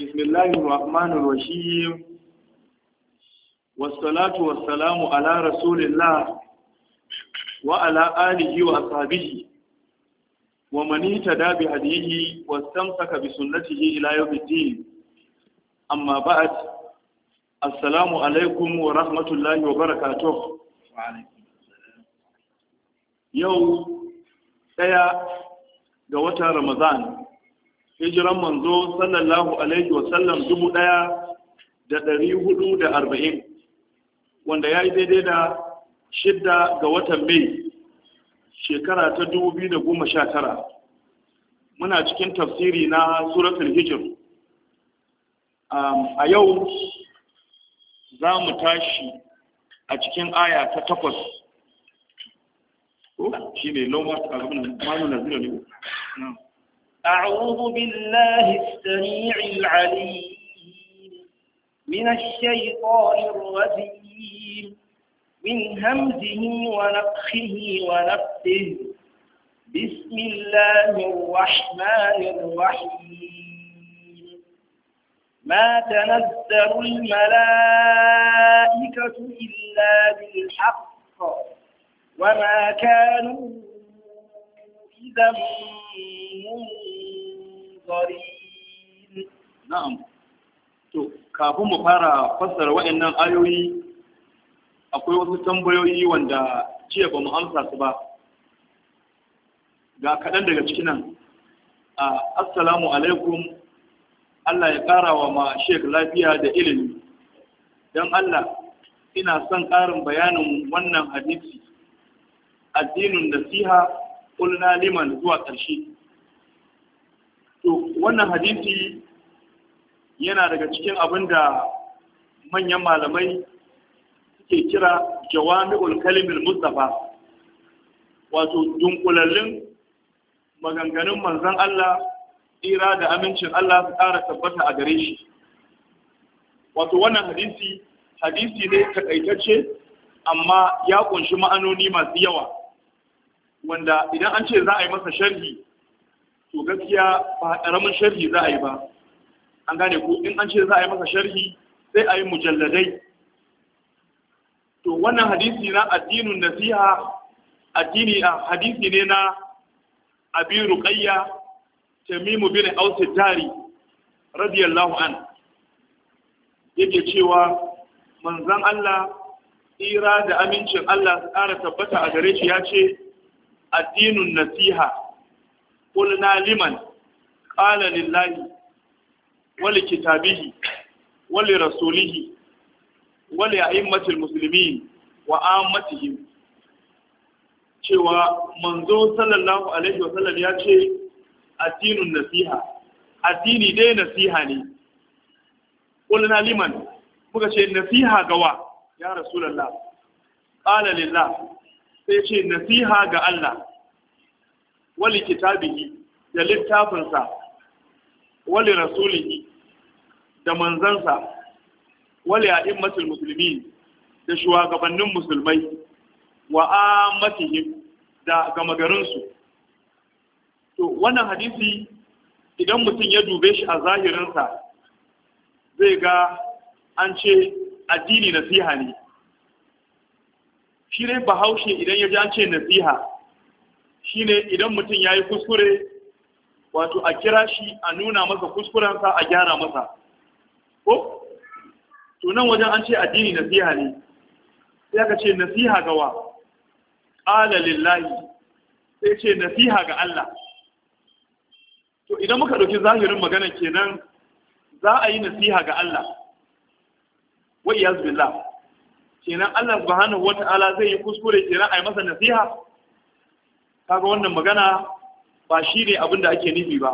بسم الله الرحمن الرحيم والصلاة والسلام على رسول الله وعلى آله وأصحابه ومن اهتدى بهديه واستمسك بسنته إلى يوم الدين أما بعد السلام عليكم ورحمة الله وبركاته يوم سيا ga رمضان hijiran manzo sallallahu alaihi wasallam dubu ɗaya da ɗari hudu da arba'in wanda ya yi daidai da shidda ga watan mai shekara ta dubu biyu da goma sha tara muna cikin tafsiri na suratul hijir a yau za mu tashi a cikin aya ta takwas shi ne lomar manu na أعوذ بالله السميع العليم من الشيطان الرجيم من همزه ونفخه ونفسه بسم الله الرحمن الرحيم ما تنزل الملائكة إلا بالحق وما كانوا إذا منذ Na'am, to kafin mu fara fassara waɗannan ayoyi akwai wasu tambayoyi wanda jiya ba mu amsa su ba ga kaɗan daga cikin nan assalamu alaikum Allah ya ƙara wa ma shek lafiya da ilimi don Allah ina son ƙarin bayanin wannan hadisi addinin nasiha ƙulna liman zuwa ƙarshe wannan hadisi yana daga cikin abin da manyan malamai suke kira jawami'ul kalimil mustafa wato dunkulallin maganganun manzon Allah tsira da amincin Allah su ƙara tabbata a gare shi wato wannan hadisi hadisi ne takaitacce amma ya kunshi ma'anoni masu yawa wanda idan an ce za a yi masa sharhi to gaskiya ba ƙaramin sharhi za a yi ba an gane ko in an ce za a yi masa sharhi sai a yi mujalladai to wannan hadisi na addinin nasiha addini a ah, hadisi ne na abi ruqayya tamimu bin aus dari radiyallahu an yake cewa manzon Allah tsira da amincin Allah tsara tabbata a gare shi ya ce addinin nasiha قلنا لمن قال لله ولكتابه ولرسوله ولأئمة المسلمين وآمتهم cewa manzo sallallahu alaihi wa sallam ya ce addinin nasiha addini dai nasiha ne qulna liman muka ce nasiha ga wa ya rasulullah qala lillah sai ce nasiha ga Allah wali kitabihi da littafinsa wali rasulihi da manzansa wali a'immatul musulmi da shugabannin musulmai wa ammatihim da gamagarinsu to wannan hadisi idan mutum ya dube shi a zahirinsa zai ga an ce addini nasiha ne shi dai bahaushe idan ya ji an ce nasiha shine idan mutum ya yi kuskure wato a kira shi a nuna masa kuskurensa a gyara masa ko tunan wajen an ce addini nasiha ne sai aka ce nasiha ga wa ƙala lillahi sai ce nasiha ga Allah to idan muka ɗauki zahirin magana kenan za a yi nasiha ga Allah wai yanzu billah kenan Allah subhanahu wata'ala zai yi kuskure kenan a yi masa nasiha kaga wannan magana ba shi ne abin da ake nufi ba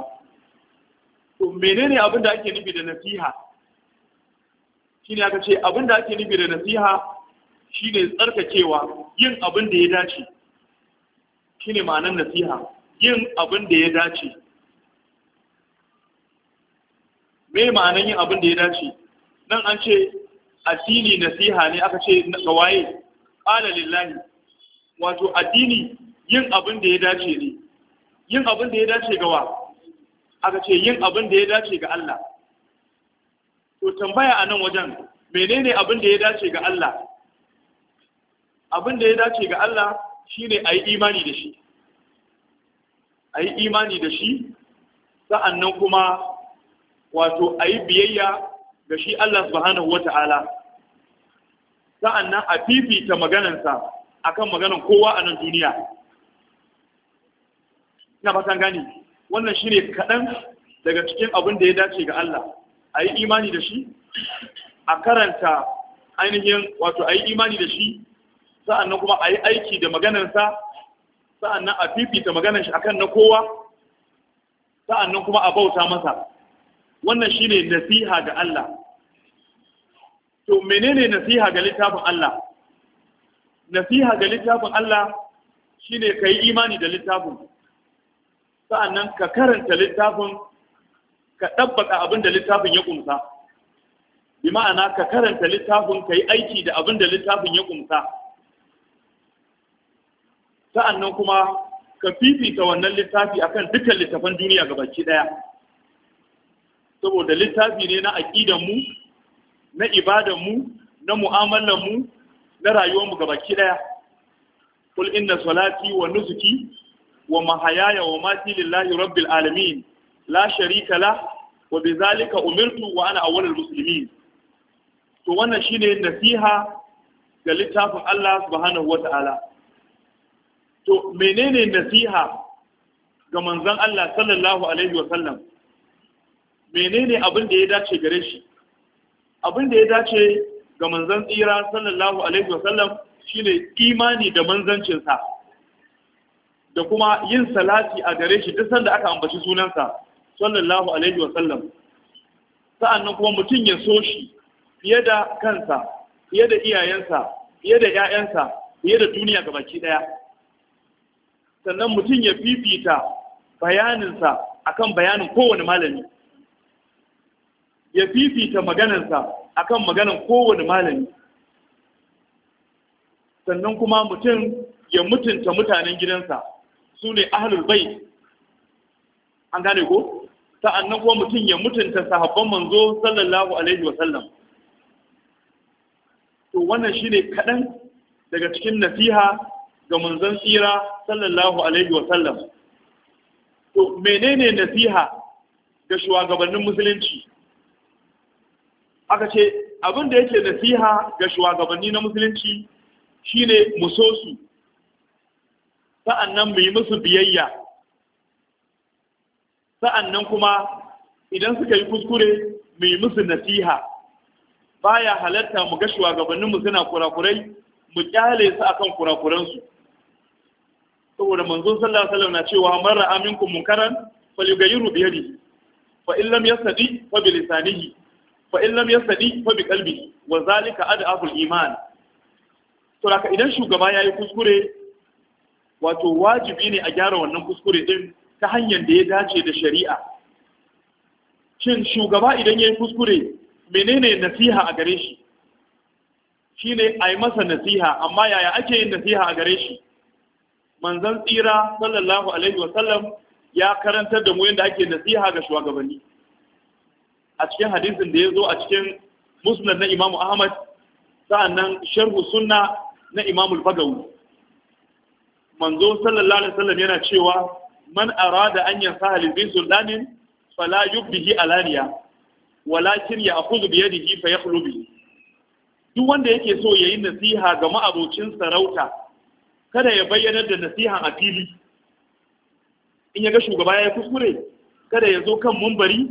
to menene abin da ake nufi da nasiha shi ne aka ce abin da ake nufi da nasiha shi ne tsarkakewa yin abin da ya dace shi ne ma'anar nasiha yin abin da ya dace me ma'anar yin abin da ya dace nan an ce addini nasiha ne aka ce ga waye ƙala lillahi wato addini yin abin da ya dace ne yin abin da ya dace ga wa aka ce yin abin da ya dace ga Allah to tambaya a nan wajen menene abin da ya dace ga Allah abin da ya dace ga Allah shine a yi imani da shi a yi imani da shi sa'annan kuma wato a yi biyayya da shi Allah subhanahu wa ta'ala sa'annan a fifita maganansa akan maganan kowa a nan duniya ina fatan gani wannan shine kaɗan daga cikin abin da ya dace ga Allah a yi imani da shi a karanta ainihin wato a yi imani da shi sa'annan kuma a yi aiki da maganarsa sa'annan a fifita maganar shi akan na kowa sa'annan kuma a bauta masa wannan shine nasiha ga Allah to menene nasiha ga littafin Allah nasiha ga littafin Allah shine kai imani da littafin sa'annan ka karanta littafin ka ɗabbaka abin da littafin ya ƙumsa bi ma'ana ka karanta littafin ka yi aiki da abin da littafin ya ƙumsa sa'annan kuma ka fifita wannan littafi akan dukkan littafan duniya baki ɗaya saboda littafi ne na aƙidanmu na ibadanmu na mu'amalanmu na rayuwarmu baki ɗaya kul inna salati wa nusuki wa mahayaya wa mati lillahi rabbil alamin la sharika la wa bizalika umirtu wa ana awwalul muslimin to wannan shine nasiha ga littafin Allah subhanahu Ta'ala. to menene nasiha ga manzon Allah sallallahu alaihi wa sallam menene abin da ya dace gare shi abin da ya dace ga manzon tsira sallallahu alaihi wa sallam shine imani da manzancinsa da kuma yin salati a gare shi duk sanda aka ambaci sunansa sallallahu alaihi wasallam sa'annan kuma mutum ya so shi fiye da kansa fiye da iyayensa fiye da ƴaƴansa fiye da duniya gabaki ɗaya sannan mutum ya fifita bayaninsa akan bayanin kowane malami ya fifita maganansa akan maganan kowane malami sannan kuma mutum ya mutunta mutanen gidansa su ne ahalul bai an gane ko sa'annan kuma mutum ya mutunta sahabban manzo sallallahu alaihi wa sallam to wannan shine kaɗan daga cikin nasiha ga manzon tsira sallallahu alaihi wa sallam to menene nasiha ga shugabannin musulunci aka ce abin da yake nasiha ga shugabanni na musulunci shine musosu sa'annan mu yi musu biyayya sa'annan kuma idan suka yi kuskure mu musu nasiha Ba ya halatta mu ga shugabanninmu suna kurakurai mu kyale su a kan kurakuransu saboda manzon sallar alaihi na cewa mara aminku mun munkaran falyughayyiru bi yadihi fa sadi, lam lisanihi fa lam yastati fa wa zalika iman to idan shugaba ya yi kuskure wato wajibi ne a gyara wannan kuskure din ta hanyar da ya dace da shari'a shin shugaba idan ya yi kuskure menene nasiha a gare shi shine a yi masa nasiha amma yaya ake yin nasiha a gare shi Manzan tsira sallallahu alaihi wasallam ya karantar da mu yadda ake nasiha ga shugabanni a cikin hadisin da ya zo a cikin musnad na imamu ahmad sa'annan sharhu sunna na imamu bagawi manzo sallallahu alaihi wasallam yana cewa man arada an yansaha halibin bi sultanin fala yubdihi alaniya walakin ya akhudhu bi yadihi fa yakhlubi duk wanda yake so yayi nasiha ga ma'abocin sarauta kada ya bayyana da nasiha a fili in ya ga shugaba ya kuskure kada ya zo kan mumbari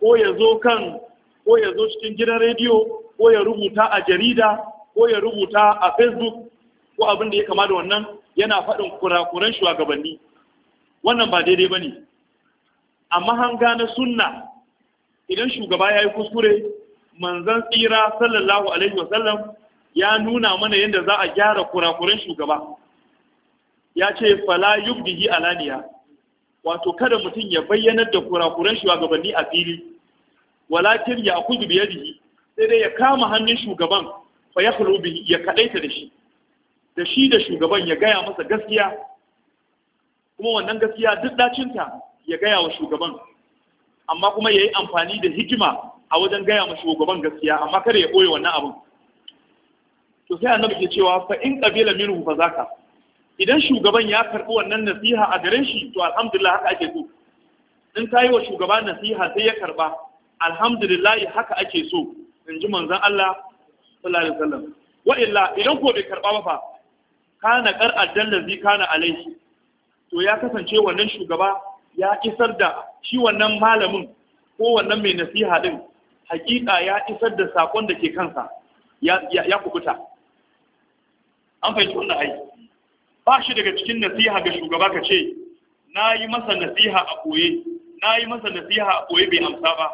ko ya zo kan ko ya zo cikin gidan rediyo ko ya rubuta a jarida ko ya rubuta a facebook ko abin da ya kama da wannan yana faɗin kurakuran shugabanni wannan ba daidai ba ne amma hanga na sunna idan shugaba ya yi kuskure manzan tsira sallallahu alaihi wasallam ya nuna mana yadda za a gyara kurakuran shugaba ya ce fala yubdihi alaniya wato kada mutum ya bayyanar da kurakuran shugabanni a fili walakin ya akuzu biyadihi sai dai ya kama hannun shugaban fa ya kalubi ya kadaita da shi da shi da shugaban ya gaya masa gaskiya kuma wannan gaskiya duk dacinta ya gaya wa shugaban amma kuma ya yi amfani da hikima a wajen gaya wa shugaban gaskiya amma kada ya ɓoye wannan abin to sai annabi ke cewa fa in qabila minhu fa zaka idan shugaban ya karbi wannan nasiha a garin shi to alhamdulillah haka ake so in ta yi wa shugaban nasiha sai ya karba alhamdulillah haka ake so in ji manzon Allah sallallahu alaihi wasallam wa illa idan ko bai karba ba fa kana kar addalla zai kana alaihi to ya kasance wannan shugaba ya isar da shi wannan malamin ko wannan mai nasiha din hakika ya isar da sakon da ke kansa ya kubuta an fahimci wannan ai ba shi daga cikin nasiha ga shugaba ka ce na yi masa nasiha a koye na yi masa nasiha a koye bai amsa ba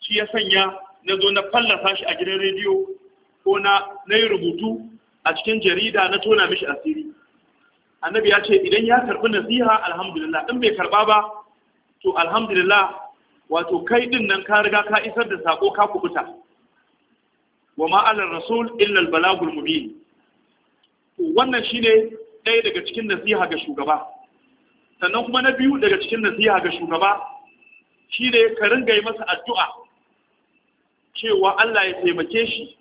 shi ya sanya na zo na fallasa shi a gidan rediyo ko na na yi rubutu a cikin jarida na tona mishi asiri annabi ya ce idan ya karbi nasiha alhamdulillah in bai karba ba to alhamdulillah wato kai din nan ka riga ka isar da sako ka kubuta wa ma'alar rasul illa albalagul mubin wannan shine ɗaya daga cikin nasiha ga shugaba sannan kuma na biyu daga cikin nasiha ga shugaba shine ka ringa yi masa addu'a cewa Allah ya taimake shi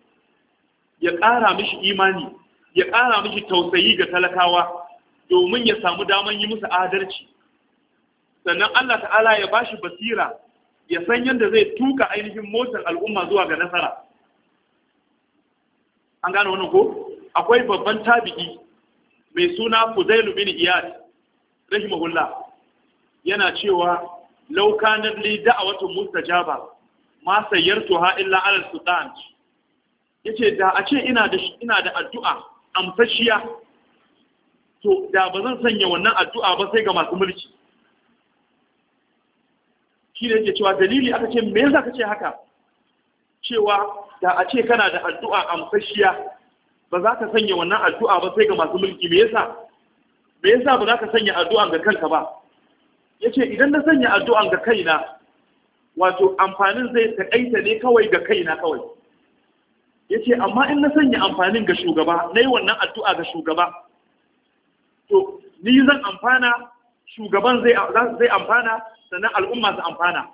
ya ƙara mishi imani ya ƙara mishi tausayi ga talakawa domin ya samu daman yi musu adalci sannan Allah ta'ala ya bashi basira ya san yadda zai tuka ainihin motar al'umma zuwa ga nasara an gane wannan ko akwai babban tabi'i mai suna Fuzailu bin Iyad rahimahullah yana cewa law kana li da'watun mustajaba ma ha illa ala sultan yace da a ce ina da ina da addu'a amfashiya to da ba zan sanya wannan addu'a ba sai ga masu mulki shi ne yake cewa dalili aka ce me yasa kace haka cewa da a ce kana da addu'a amfashiya ba za ka sanya wannan addu'a ba sai ga masu mulki me yasa me yasa ba za ka sanya addu'a ga kanka ba yace idan na sanya addu'a ga kaina wato amfanin zai taƙaita ne kawai ga kaina kawai ya ce amma in na sanya amfanin ga shugaba na yi wannan addu'a ga shugaba to ni zan amfana shugaban zai amfana sannan al'umma su amfana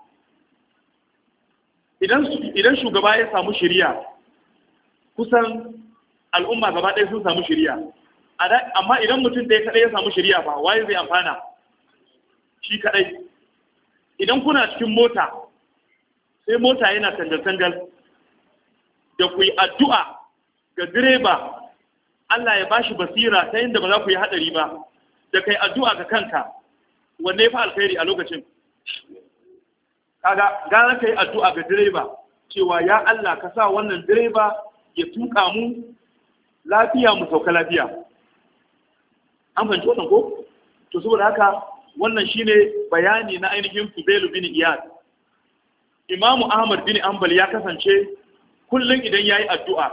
idan shugaba ya samu shirya kusan al'umma gaba ɗaya sun samu shirya amma idan mutum ɗaya kaɗai ya samu shirya ba waye zai amfana shi kaɗai idan kuna cikin mota sai mota yana tangal-tangal da ku yi addu'a ga direba Allah ya bashi basira ta da ba za ku yi haɗari ba da kai addu'a ga kanka wanne fa alkhairi a lokacin kaga gara yi addu'a ga direba cewa ya Allah ka sa wannan direba ya tuka mu lafiya mu sauka lafiya an fahimci wannan ko to saboda haka wannan shine bayani na ainihin fubelu bin Iyad Imam Ahmad bin Ambal ya kasance kullum idan ya yi addu'a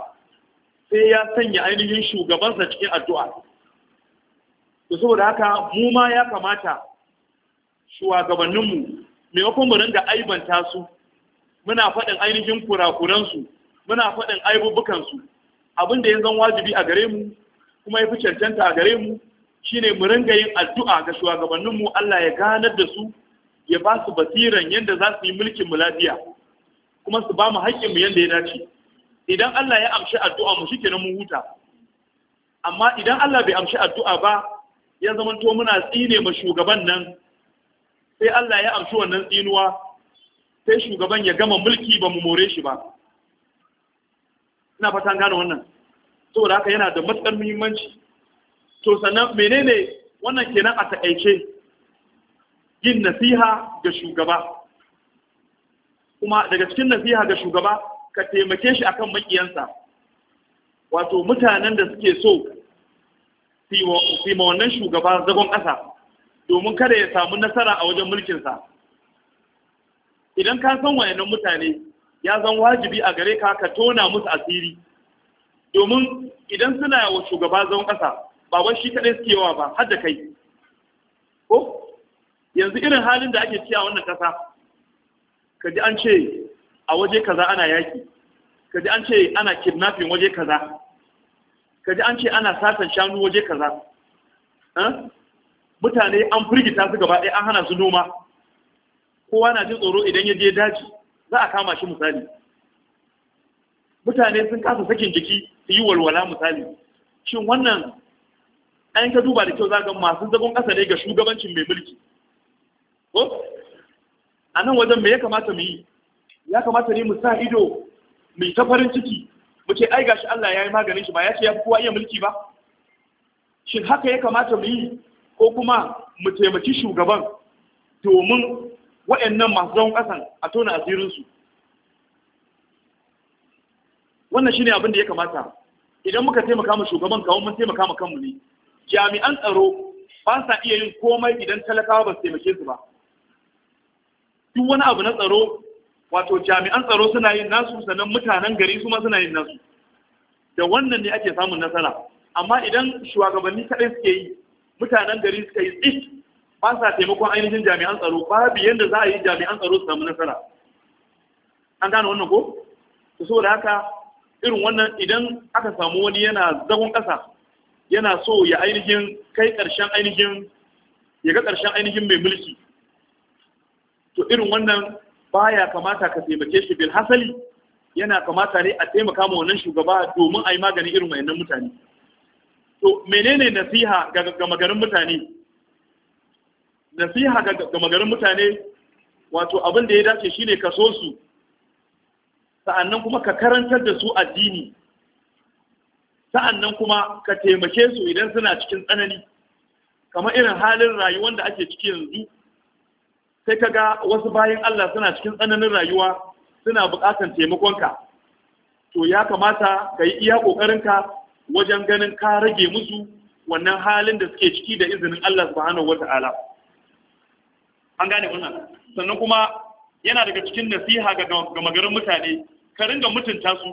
sai ya sanya ainihin shugabansa cikin addu'a da saboda haka mu ma ya kamata shugabanninmu maimakon mu ringa aibanta su muna faɗin ainihin kurakuransu muna faɗin aibubukansu abin da ya zan wajibi a gare mu kuma ya fi cancanta a gare mu shine mu ringa yin addu'a ga shugabanninmu Allah ya ganar da su ya ba su basiran yadda za su yi mulkin mu lafiya kuma su ba mu haƙƙin mu yanda ya dace idan Allah ya amshi addu'a mu shikenan mun huta amma idan Allah bai amshi addu'a ba ya zama to muna tsine ma shugaban nan sai Allah ya amshi wannan tsinuwa sai shugaban ya gama mulki ba mu more shi ba ina fatan gane wannan saboda haka yana da matsar muhimmanci to sannan menene wannan kenan a takaice yin nasiha ga shugaba kuma daga cikin nasiha ga shugaba ka taimake shi akan makiyansa wato mutanen da suke so su ma wannan shugaba zagon ƙasa domin kada ya samu nasara a wajen mulkinsa idan ka san wayannan mutane ya zan wajibi a gare ka ka tona musu asiri domin idan suna wa shugaba zagon ƙasa ba wai shi kaɗai suke yawa ba har da kai ko yanzu irin halin da ake ci a wannan ƙasa Kaji an ce a waje kaza ana yaki Kaji an ce ana kidnapping waje kaza Kaji an ce ana satan shanu waje kaza eh? mutane an firgita su gaba ɗaya an hana su noma kowa na jin tsoro idan ya je daji za a kama shi misali mutane sun kasa sakin jiki su yi walwala misali shin wannan an ka duba da kyau za ga masu zagon ƙasa ne ga shugabancin mai mulki a nan wajen mai ya kamata mu yi ya kamata ne mu sa ido mu ta farin ciki mu ce ai gashi Allah ya yi maganin shi ba ya ce ya kowa iya mulki ba shin haka ya kamata mu yi ko kuma mu taimaki shugaban domin waɗannan masu zaun kasan a tona asirinsu wannan shine abin da ya kamata idan muka taimaka ma shugaban kawo mun taimaka ma kanmu ne jami'an tsaro ba sa iya yin komai idan talakawa ba su taimake su ba duk wani abu na tsaro wato jami'an tsaro suna yin nasu sannan mutanen gari su suna yin nasu da wannan ne ake samun nasara amma idan shugabanni kaɗai suke yi mutanen gari suka yi tsit ba sa taimakon ainihin jami'an tsaro babu yadda za a yi jami'an tsaro su samu nasara an gane wannan ko to saboda haka irin wannan idan aka samu wani yana zagon kasa, yana so ya ainihin kai ƙarshen ainihin ya ga ƙarshen ainihin mai mulki to irin wannan baya kamata ka taimake shi bil hasali yana kamata ne a taimaka ma wannan shugaba domin a yi maganin irin wayannan mutane to menene nasiha ga magarin mutane nasiha ga magarin mutane wato abin da ya dace shine ka so su sa'annan kuma ka karantar da su addini sa'annan kuma ka taimake su idan suna cikin tsanani kamar irin halin rayuwar da ake ciki yanzu sai ka ga wasu bayan Allah suna cikin tsananin rayuwa suna buƙatar taimakonka to ya kamata ka yi iya ƙoƙarinka wajen ganin ka rage musu wannan halin da suke ciki da izinin Allah subhanahu wata'ala an gane wannan sannan kuma yana daga cikin nasiha ga gamagarin mutane ka ringa mutunta su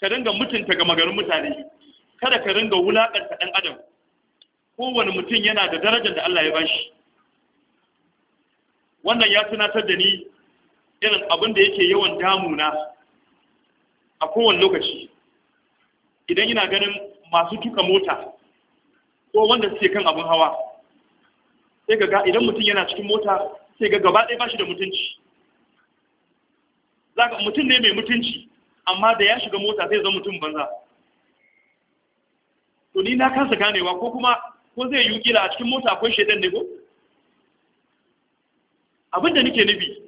ka mutane kada ka ringa wulaƙanta ɗan adam kowane mutum yana da darajar da Allah ya bashi wannan ya tunatar da ni irin abin da yake yawan damuna a kowane lokaci idan ina ganin masu tuka mota ko wanda suke kan abin hawa sai ga idan mutum yana cikin mota sai ga gaba ɗaya bashi da mutunci zaka mutum ne mai mutunci amma da ya shiga mota sai zama mutum banza to ni na kansa ganewa ko kuma ko zai yi kila a cikin mota akwai shaidan ne ko abin da nufi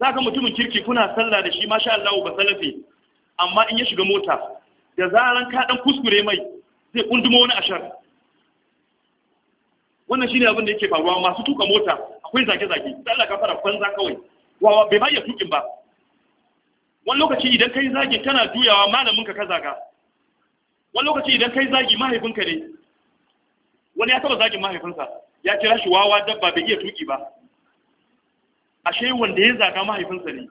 za ka mutumin kirki kuna sallah da shi masha Allah ba salafi amma in ya shiga mota da zaran ka dan kuskure mai zai kundumo wani ashar wannan shine abin da yake faruwa masu tuka mota akwai zage-zage Allah ka fara kwanza kawai wawa bai bayar tukin ba wani lokaci idan kai zagi kana juyawa malaminka ka zaga wani lokaci idan kai zagi mahaifinka ne wani ya taba zage mahaifinsa ya kira shi wawa dabba bai iya tuki ba ashe wanda ya zaga mahaifinsa ne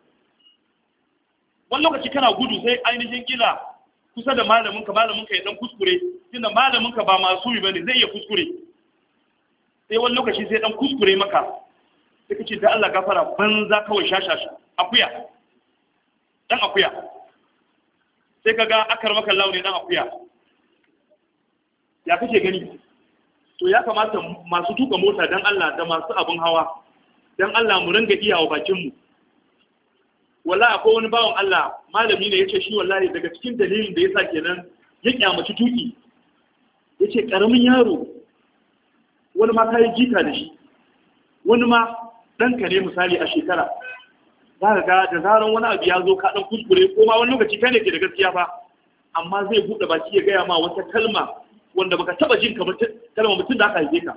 wani lokaci kana gudu sai ainihin kila kusa da malaminka-malaminka ya dan kuskure tunda malaminka ba masu ba ne zai iya kuskure sai wani lokaci sai dan kuskure maka sai kace da Allah gafara banza kawai shashashi akuya dan akuya sai kaga akar maka launi dan akuya ya kace gani to ya kamata masu tuka mota dan Allah da masu abun hawa dan Allah mu ringa iya wa bakin mu wallahi akwai wani bawan Allah malami ne yace shi wallahi daga cikin dalilin da yasa kenan ya kyamaci tuki yace karamin yaro wani ma kai jika da shi wani ma dan ne misali a shekara za ka ga da zaran wani abu ya zo ka dan kuskure ko ma wani lokaci kai ne ke da gaskiya fa amma zai buɗe baki ya gaya ma wata kalma wanda baka taba jin kamar kalma mutum da aka haife ka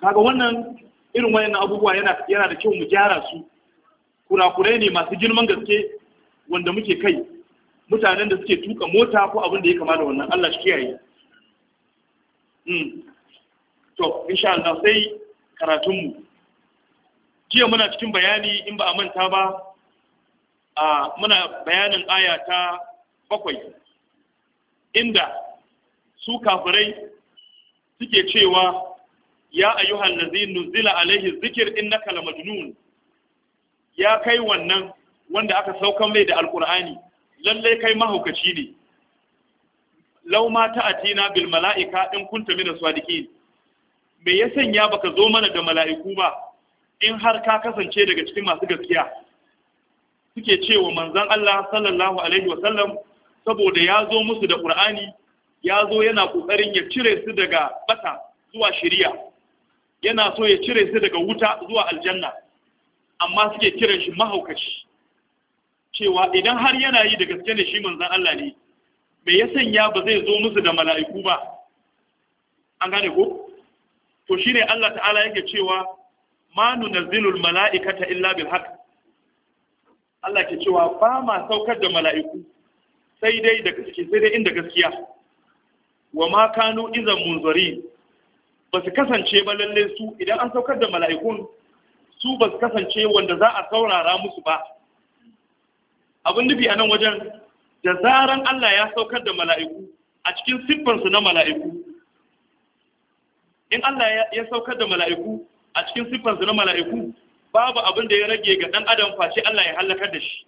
kaga wannan irin wayannan abubuwa yana yana da kyau mu gyara su kurakurai ne masu girman gaske wanda muke kai mutanen da suke tuka mota ko abin da ya kama da wannan Allah shi kiyaye hmm. to insha Allah sai karatunmu jiya muna cikin bayani in ba a manta ba a muna bayanin aya ta bakwai inda su kafirai suke cewa ya ayyuhan nazi nuzila alaihi dhikr innaka lamajnun ya kai wannan wanda aka saukan mai da alqur'ani lalle kai mahaukaci ne law ma ta'atina bil mala'ika in kunta min as-sadiqin me ya sanya baka zo mana da mala'iku ba in har ka kasance daga cikin masu gaskiya suke cewa manzon Allah sallallahu alaihi wa sallam saboda ya zo musu da Qur'ani ya zo yana ƙoƙarin ya cire su daga bata zuwa shari'a yana so ya cire su daga wuta zuwa aljanna amma suke kiran shi mahaukaci cewa idan har yana yi da gaske ne shi manzan Allah ne bai ya sanya ba zai zo musu da mala'iku ba an gane ko to shine Allah ta'ala yake cewa ma nunazzilul mala'ikata illa bil haqq Allah ke cewa ba ma saukar da mala'iku sai dai da gaske sai dai inda gaskiya wa ma kanu idan munzari ba su kasance ba lalle su idan an saukar da mala'ikun su ba su kasance wanda za a saurara musu ba abin nufi a nan wajen da zaran Allah ya saukar da mala'iku a cikin siffarsu na mala'iku in Allah ya saukar da mala'iku a cikin siffarsu na mala'iku babu abin da ya rage ga ɗan adam face Allah ya hallakar da shi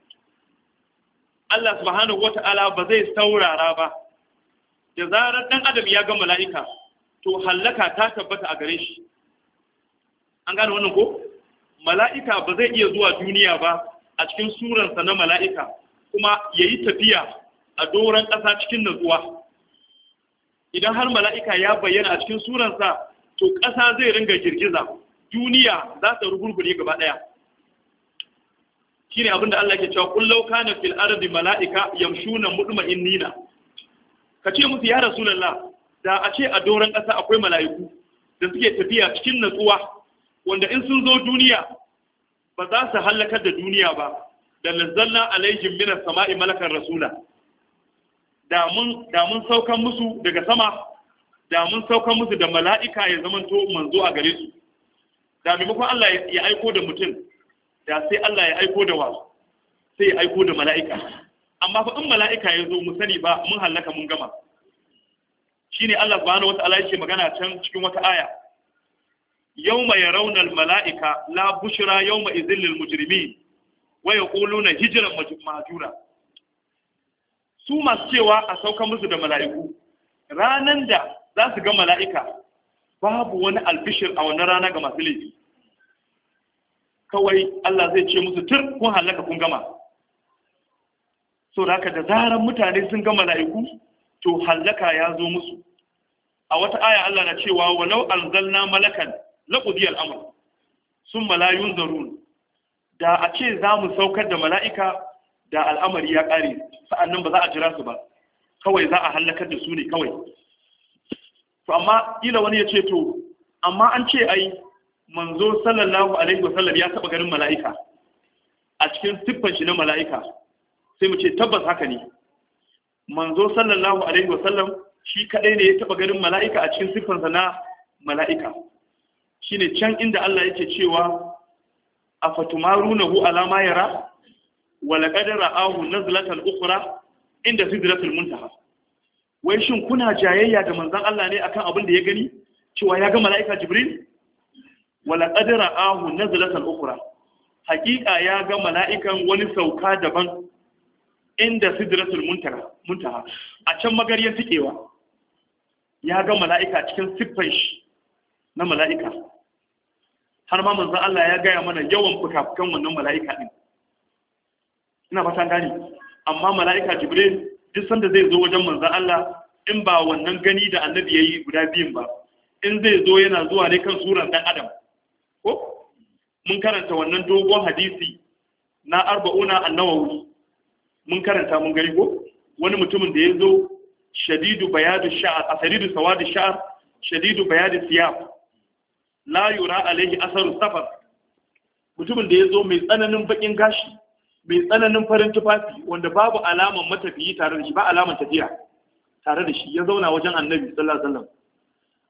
Allah subhanahu wata'ala ba zai saurara ba da zarar ɗan adam ya ga mala'ika to hallaka ta tabbata a gare shi an gane wannan ko mala'ika ba zai iya zuwa duniya ba a cikin suransa na mala'ika kuma ya yi tafiya a doron ƙasa cikin natsuwa idan har mala'ika ya bayyana a cikin suransa to ƙasa zai ringa girgiza duniya za ta rugurgure gaba ɗaya Shi ne abinda Allah ke cewa kullau kana fil ardi mala'ika yamshuna Ka kace musu ya rasulullah da a ce a doron ƙasa akwai mala'iku da suke tafiya cikin natsuwa wanda in sun zo duniya ba za su hallakar da duniya ba da lazzalla alaihim min as-sama'i malakan rasula da mun da mun saukan musu daga sama da mun saukan musu da mala'ika ya zamanto manzo a gare su da maimakon Allah ya aiko da mutum da sai Allah ya aiko da wasu sai ya aiko da mala'ika amma fa in mala'ika ya zo mu sani ba mun hallaka mun gama shine Allah subhanahu wataala yake magana can cikin wata aya yawma yarawna almalaika la bushra yawma idhil lilmujrimin wa yaquluna hijran majura su masu cewa a sauka musu da mala'iku ranan da za su ga mala'ika babu wani albishir a wannan rana ga masu laifi kawai Allah zai ce musu tur kun halaka kun gama so da zarar mutane sun ga mala'iku to hallaka ya zo musu a wata aya Allah na cewa walau anzalna malakan laqudi al-amr thumma la yunzarun da a ce za mu saukar da mala'ika da al'amari ya ƙare sa'annan ba za a jira su ba kawai za a halakar da su ne kawai to amma ila wani ya ce to amma an ce ai manzo sallallahu alaihi wa sallam ya taba ganin mala'ika a cikin siffan shi na mala'ika sai mu ce tabbas haka ne manzo sallallahu alaihi wa sallam shi kadai ne ya taba ganin mala'ika a cikin siffarsa na mala'ika shine can inda Allah yake cewa afatumarunahu ala alama yara wa laqad ra'ahu nazlatan ukhra inda sidratul muntaha wai shin kuna jayayya da manzon Allah ne akan abin da ya gani cewa ya ga mala'ika jibril wa laqad ra'ahu nazlatan ukhra haƙiƙa ya ga mala'ikan wani sauka daban inda sidratul muntaha a can magariyar tikewa ya ga mala'ika cikin siffan shi na mala'ika har ma manzan Allah ya gaya mana yawan fukafukan wannan mala'ika ɗin ina fata gani amma mala'ika jibril duk sanda zai zo wajen manzan Allah in ba wannan gani da annabi ya yi guda biyun ba in zai zo yana zuwa ne kan suran ɗan adam ko mun karanta wannan dogon hadisi na arba'una annawawi mun karanta mun gani ko wani mutumin da ya zo shadidu bayadu sha'r asadidu sawadi sha'r shadidu bayadu siyaf la yura alayhi asaru safar mutumin da ya zo mai tsananin bakin gashi mai tsananin farin tufafi wanda babu alaman matafiyi tare da shi ba alaman tafiya tare da shi ya zauna wajen annabi sallallahu alaihi wasallam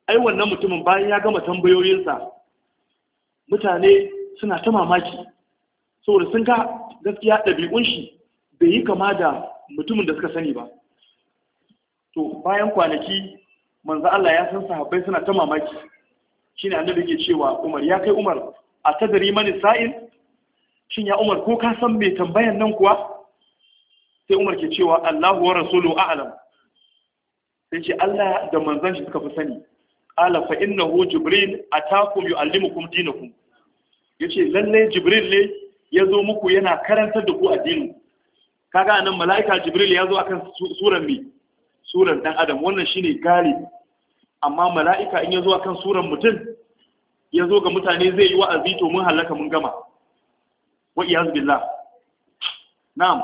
ai wannan mutumin bayan ya gama tambayoyinsa mutane suna ta mamaki saboda sun ga gaskiya ɗabi'un shi bai yi kama da mutumin da suka sani ba to bayan kwanaki manzo Allah ya san sahabbai suna ta mamaki shine annabi yake cewa Umar ya kai Umar a tadari mani sa'in. shin ya Umar ko ka san me tambayan nan kuwa sai Umar ke cewa Allahu wa rasulu a'lam sai ce Allah da manzon shi suka fi sani ala fa innahu jibril atakum yuallimukum dinakum yace lalle jibril ne ya zo muku yana karantar da ku addini kaga anan mala'ika jibril ya zo akan suran me suran dan adam wannan shine galibi amma mala'ika in ya zo kan suran mutum ya zo ga mutane zai yi wa'azi to mun halaka mun gama wa iyaz billah na'am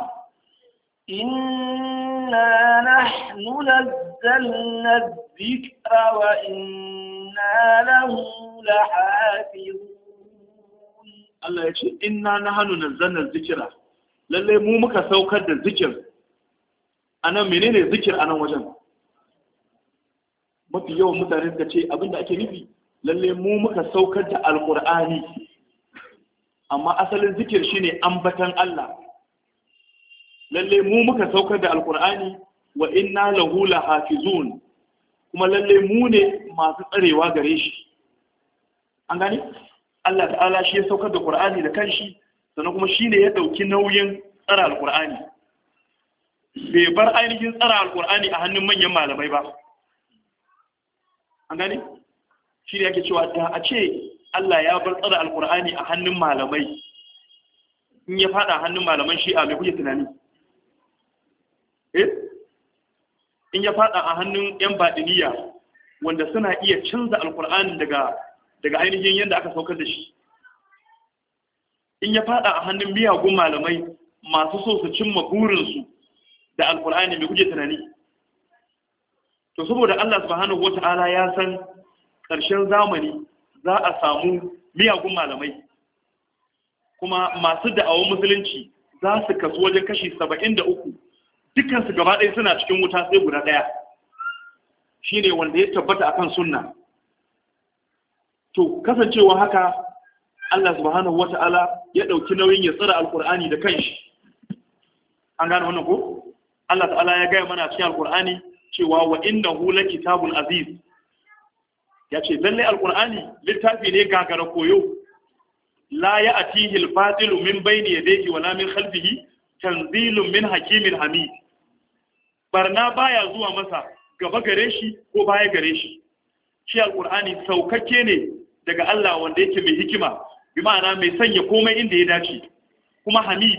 inna nahnu nazzalna dhikra wa inna lahu lahafizun Allah ya ce inna nahnu nazzalna dhikra lalle mu muka saukar da zikir anan menene zikir anan wajen mafi yawan mutane suka ce abinda ake nufi lalle mu muka saukar da alkur'ani amma asalin zikir shine ambatan Allah lalle mu muka saukar da alkur'ani wa inna lahu lahafizun kuma lalle mu ne masu tsarewa gare shi an gani Allah ta'ala shi ya saukar da Qur'ani da kanshi sannan kuma shine ya dauki nauyin tsara alkur'ani bai bar ainihin tsara alkur'ani a hannun manyan malamai ba an gani shi ne yake cewa da a ce Allah ya bar tsara alkur'ani a hannun malamai in ya fada hannun malaman shi a mai kuke tunani eh? in ya fada a hannun yan baɗiniya wanda suna iya canza alkur'ani daga daga ainihin yadda aka saukar da shi in ya fada a hannun miyagun malamai masu so su cimma burinsu da alkur'ani mai kuke tunani to saboda Allah subhanahu wata'ala ya san ƙarshen zamani za a samu miyagun malamai kuma masu da'awar musulunci za su kasu wajen kashi saba'in da uku dukansu gaba ɗaya suna cikin wuta sai guda ɗaya shi ne wanda ya tabbata akan sunna to kasancewa haka Allah subhanahu wata'ala ya ɗauki nauyin ya tsara alkur'ani da kanshi an gane wannan ko Allah ta'ala ya gaya mana cikin alkur'ani cewa wa hula kitabun aziz ya ce lalle alkur'ani littafi ne gagara koyo la ya atihi al-batilu min bayni yadayhi wala min khalfihi tanzilun min hakimin hamid barna baya zuwa masa gaba gare shi ko baya gare shi shi alkur'ani saukakke ne daga Allah wanda yake mai hikima bi ma'ana mai sanya komai inda ya dace kuma hamid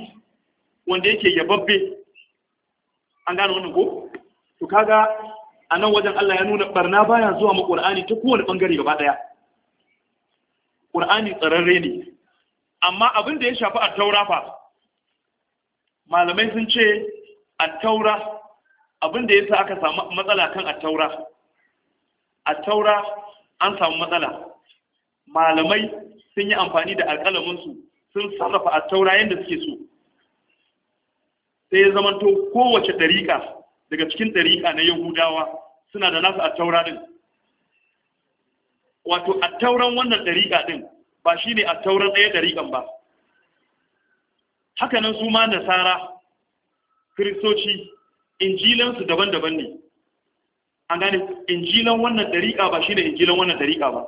wanda yake yababbe an gane wannan ko to kaga a nan wajen Allah ya nuna barna baya zuwa mu Qur'ani ta kowane bangare gaba daya Qur'ani tsararre ne amma abin da ya shafi at-taura fa malamai sun ce at-taura abin da yasa aka samu matsala kan at-taura at-taura an samu matsala malamai sun yi amfani da alƙalamin su sun sarrafa at-taura yadda suke so sai ya zamanto kowace ɗariƙa daga cikin ɗariƙa na yahudawa suna da nasu a taura din. wato a tauran wannan ɗariƙa din ba shi ne a tauran ɗaya ɗariƙan ba hakanan su ma nasara kiristoci injilansu daban-daban ne an gane injilan wannan ɗariƙa ba shi ne injilan wannan ɗariƙa ba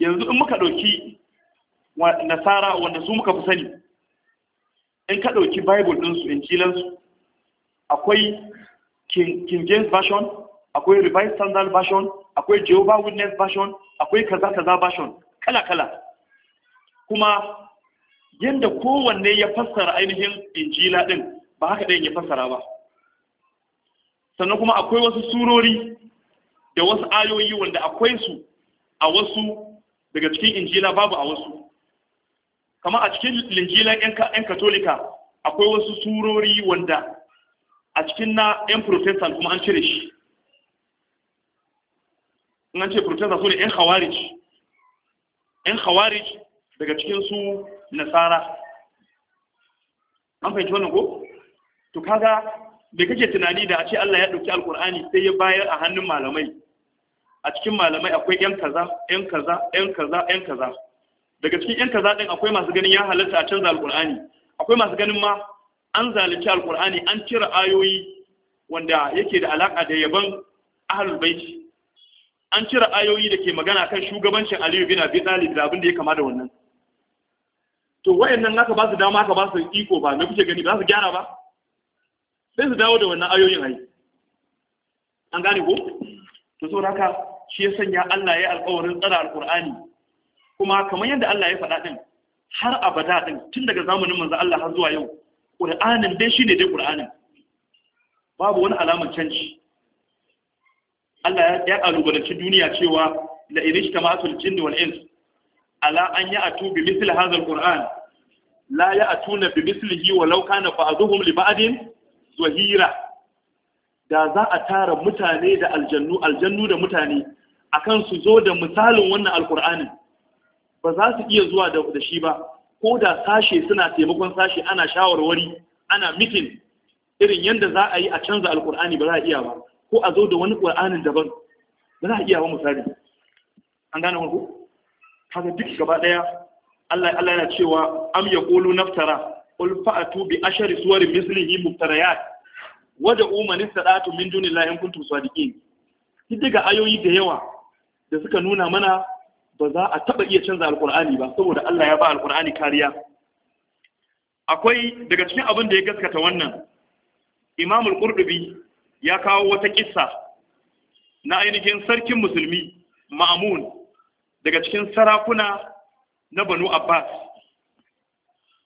yanzu in muka ɗauki nasara wanda su muka fi sani in ka ɗauki bible ɗinsu injilansu akwai king james version akwai revised standard version akwai jehovah witness version akwai kaza kaza version kala kala kuma yadda kowanne ya fassara ainihin injila ɗin ba haka ɗayan ya fassara ba sannan kuma akwai wasu surori da wasu ayoyi wanda akwai su a wasu daga cikin injila babu a wasu kamar a cikin linjilan yan katolika akwai wasu surori wanda a cikin na yan protestant kuma an cire shi an ce protestant su ne yan khawarij yan khawarij daga cikin su nasara an fahimci wannan ko to kaga da kake tunani da a ce Allah ya ɗauki alkur'ani sai ya bayar a hannun malamai a cikin malamai akwai yan kaza yan kaza yan kaza yan kaza daga cikin yan kaza din akwai masu ganin ya halatta a canza alqur'ani akwai masu ganin ma an zalunci alqur'ani an cire ayoyi wanda yake da alaka da yaban ahlul an cire ayoyi da ke magana kan shugabancin Aliyu bin Abi Talib da abin da ya kama da wannan to wayannan naka ba su dama aka ba su iko ba na kuke gani ba su gyara ba sai su dawo da wannan ayoyin ai an gane ko to saboda haka shi ya sanya Allah ya yi alƙawarin tsara alƙur'ani kuma kamar yadda Allah ya faɗa ɗin har abada ɗin tun daga zamanin manzo Allah har zuwa yau ƙur'anin dai ne dai ƙur'anin babu wani alamar canji Allah ya kalubalanci duniya cewa la inishtama'atul jinni wal ins ala an ya'tu bi mithli hadha al-Qur'an la ya'tuna bi mithlihi walau kana ba'dhum li ba'din zuhira da za a tara mutane da aljannu aljannu da mutane akan su zo da misalin wannan alqur'anin ba za su iya zuwa da shi ba ko da sashe suna taimakon sashe ana shawarwari ana mitin irin yadda za a yi a canza alkur'ani ba za a iya ba ko a zo da wani ƙur'anin daban ba za a iya ba misali an gane ku kaga duk gaba daya Allah Allah yana cewa am ya kolo naftara qul fa'atu bi ashari suwarin mislihi muftariyat wad'u man istata'tum min dunillahi in kuntum sadiqin duk daga ayoyi da yawa da suka nuna mana ba za a taɓa iya canza alkur'ani ba saboda Allah ya ba alkur'ani kariya akwai daga cikin abin da ya gaskata wannan imamul qurdubi ya kawo wata kissa na ainihin sarkin musulmi ma'amun daga cikin sarakuna na banu abbas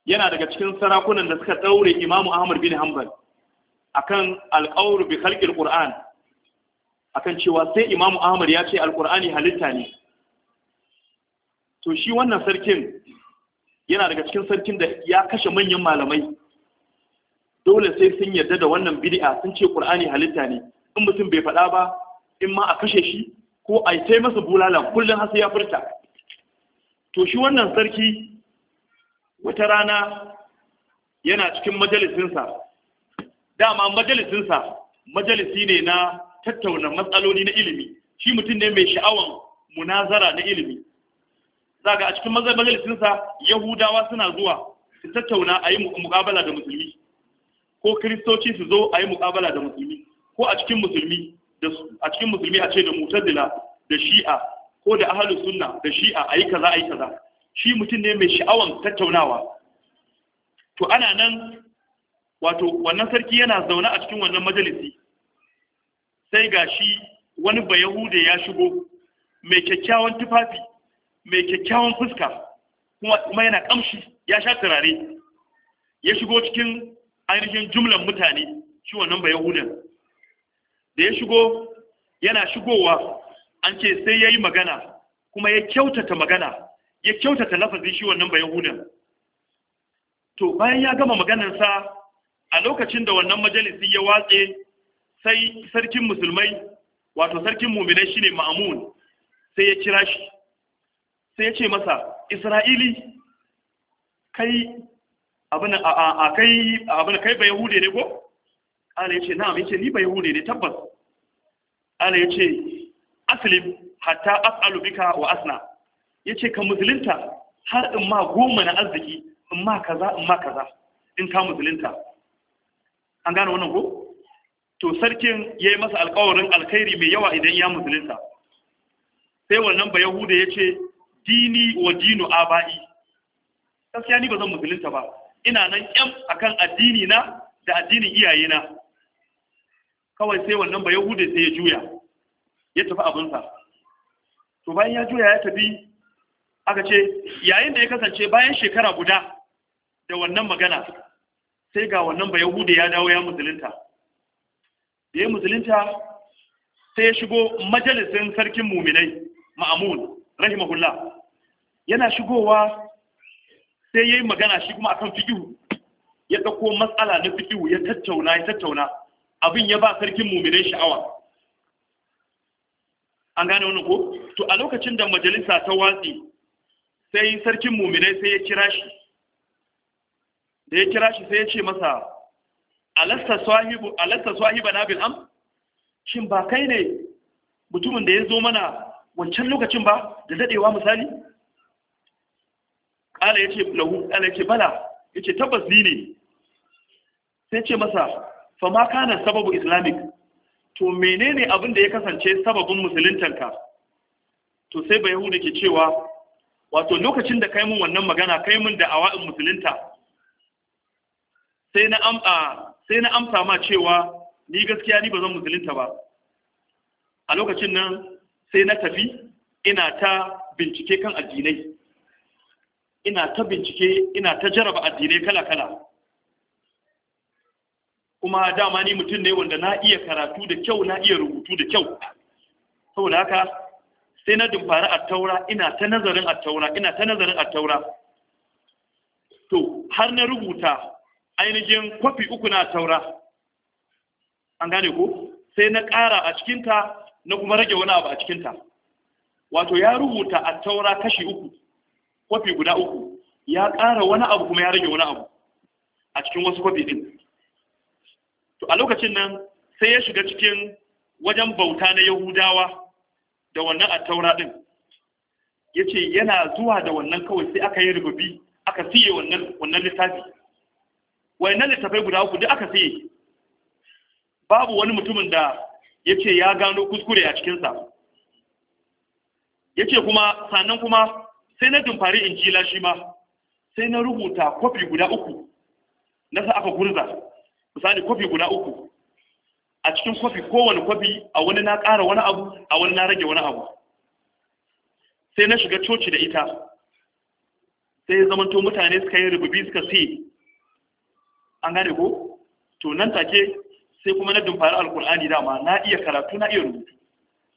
yana daga cikin sarakunan da suka daure imamu ahmad bin hanbal akan alƙawar bi khalqil qur'an akan cewa sai imamu ahmad ya ce alqur'ani halitta ne to shi wannan sarkin yana daga cikin sarkin da ya kashe manyan malamai dole sai sun yarda da wannan bid'a sun ce qur'ani halitta ne in mutum bai faɗa ba in ma a kashe shi ko a yi masa bulala, kullum har sai ya furta to shi wannan sarki wata rana yana cikin majalisinsa dama majalisinsa majalisi ne na tattauna matsaloli na ilimi shi mutum ne mai sha'awan munazara na ilimi za ga a cikin majalisinsa yahudawa suna zuwa su tattauna a yi muƙabala da musulmi ko kiristoci su zo a yi muƙabala da musulmi ko a cikin musulmi a cikin musulmi a ce da mutadila da shi'a ko da ahalus sunna da shi'a a yi kaza a yi kaza shi mutum ne mai sha'awan tattaunawa to ana nan wato wannan sarki yana zaune a cikin wannan majalisi sai ga shi wani bayahude ya shigo mai kyakkyawan tufafi mai kyakkyawan fuska kuma yana kamshi ya sha turare ya shigo cikin ainihin jumlan mutane shi wannan ba da ya shigo yana shigowa an ce sai ya yi magana kuma ya kyautata magana ya kyautata lafazin shi wannan ba yahudan to bayan ya gama maganarsa a lokacin da wannan majalisi ya watse sai sarkin musulmai wato sarkin muminai shine ma'amun sai ya kira shi sai ya ce masa isra'ili kai abin a kai abin kai ba yahude ne ko ala ya ce na'am ya ce ni ba yahude ne tabbas ala ya ce aslim hatta as'alu bika wa asna ya ce ka musulunta har in ma goma na arziki in ma kaza in ma kaza in ka musulunta an gane wannan ko to sarkin ya yi masa alkawarin alkhairi mai yawa idan ya musulunta sai wannan ba hude ya ce dini wa dinu aba'i gaskiya ni bazan zan musulunta ba ina nan kyam akan addini na da addinin iyaye na kawai sai wannan ba yahude sai ya juya ya tafi sa to bayan ya juya ya tafi aka ce yayin da ya kasance bayan shekara guda da wannan magana sai ga wannan ba yahude ya dawo ya musulunta da ya musulunta sai ya shigo majalisin sarkin muminai ma'amun rahimahullah yana shigowa sai yayi magana shi kuma akan fiqhu ya dauko matsala na fiqhu ya tattauna ya tattauna abin ya ba sarkin mu'minin sha'awa an gane wani ko to a lokacin da majalisa ta watsi sai sarkin mu'minai sai ya kira shi da ya kira shi sai ya ce masa alasta sahibu alasta sahiba nabil am shin ba kai ne mutumin da ya zo mana wancan lokacin ba da dadewa misali kala yace lahu yace bala yace tabbas ni ne sai ce masa fa ma kana sababu islamic to menene abin da ya kasance sababin musuluntanka to sai bai hudu ke cewa wato lokacin da kai mun wannan magana kai mun da awa'in musulunta sai na amsa sai na amsa ma cewa ni gaskiya ni ba zan musulunta ba a lokacin nan sai na tafi ina ta bincike kan addinai ina ta bincike ina ta jaraba addinai kala-kala kuma dama ni mutum ne wanda na iya karatu da kyau na iya rubutu da kyau saboda haka sai na dumfari attaura ina ta nazarin attaura ina ta nazarin attaura to har na rubuta ainihin kwafi uku na attaura an gane ko sai na ƙara a cikinta na kuma rage wani abu a cikinta wato ya rubuta a taura kashi uku kwafi guda uku ya ƙara wani abu kuma ya rage wani abu a cikin wasu kwafi ɗin to a lokacin nan sai ya shiga cikin wajen bauta na yahudawa da wannan a taura ɗin ya ce yana zuwa da wannan kawai sai aka yi rububi aka siye wannan littafi wannan littafai guda uku duk aka siye babu wani mutumin da ya ce ya gano kuskure a cikinsa ya ce kuma sannan kuma sai na dumfari jila shi ma sai na rubuta kwafi guda uku na sa aka gurza misali kwafi guda uku a cikin kwafi kowane kwafi a wani na ƙara wani abu a wani na rage wani abu sai na shiga coci da ita sai ya zamanto mutane suka yi rububi suka siye an gane ko to nan take sai kuma na dumfari alkur'ani dama na iya karatu na iya rubutu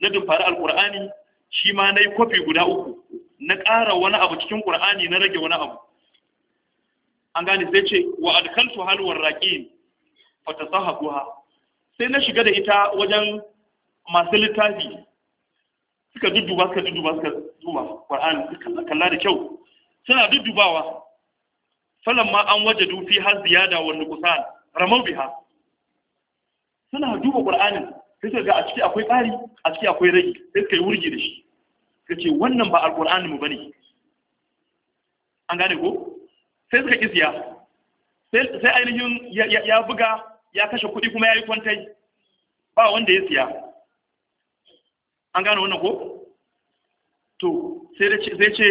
na dumfari alkur'ani shi ma na yi kwafi guda uku na ƙara wani abu cikin ƙur'ani na rage wani abu an gani sai ce wa adkaltu halwar raƙin fata sahabuha sai na shiga da ita wajen masu littafi suka dudduba suka dudduba suka duba ƙur'ani suka kalla da kyau suna duddubawa falon ma an waje dufi har ziyada wa nuqsan ramau biha suna duba qur'ani sai suka ga a ciki akwai tsari a ciki akwai rage sai suka yi wurgi da shi Ka ce wannan ba alqur'ani mu bane an gane ko sai suka kisiya sai ainihin ya buga ya kashe kuɗi kuma ya yi kwantai ba wanda ya siya an gane wannan ko to sai ce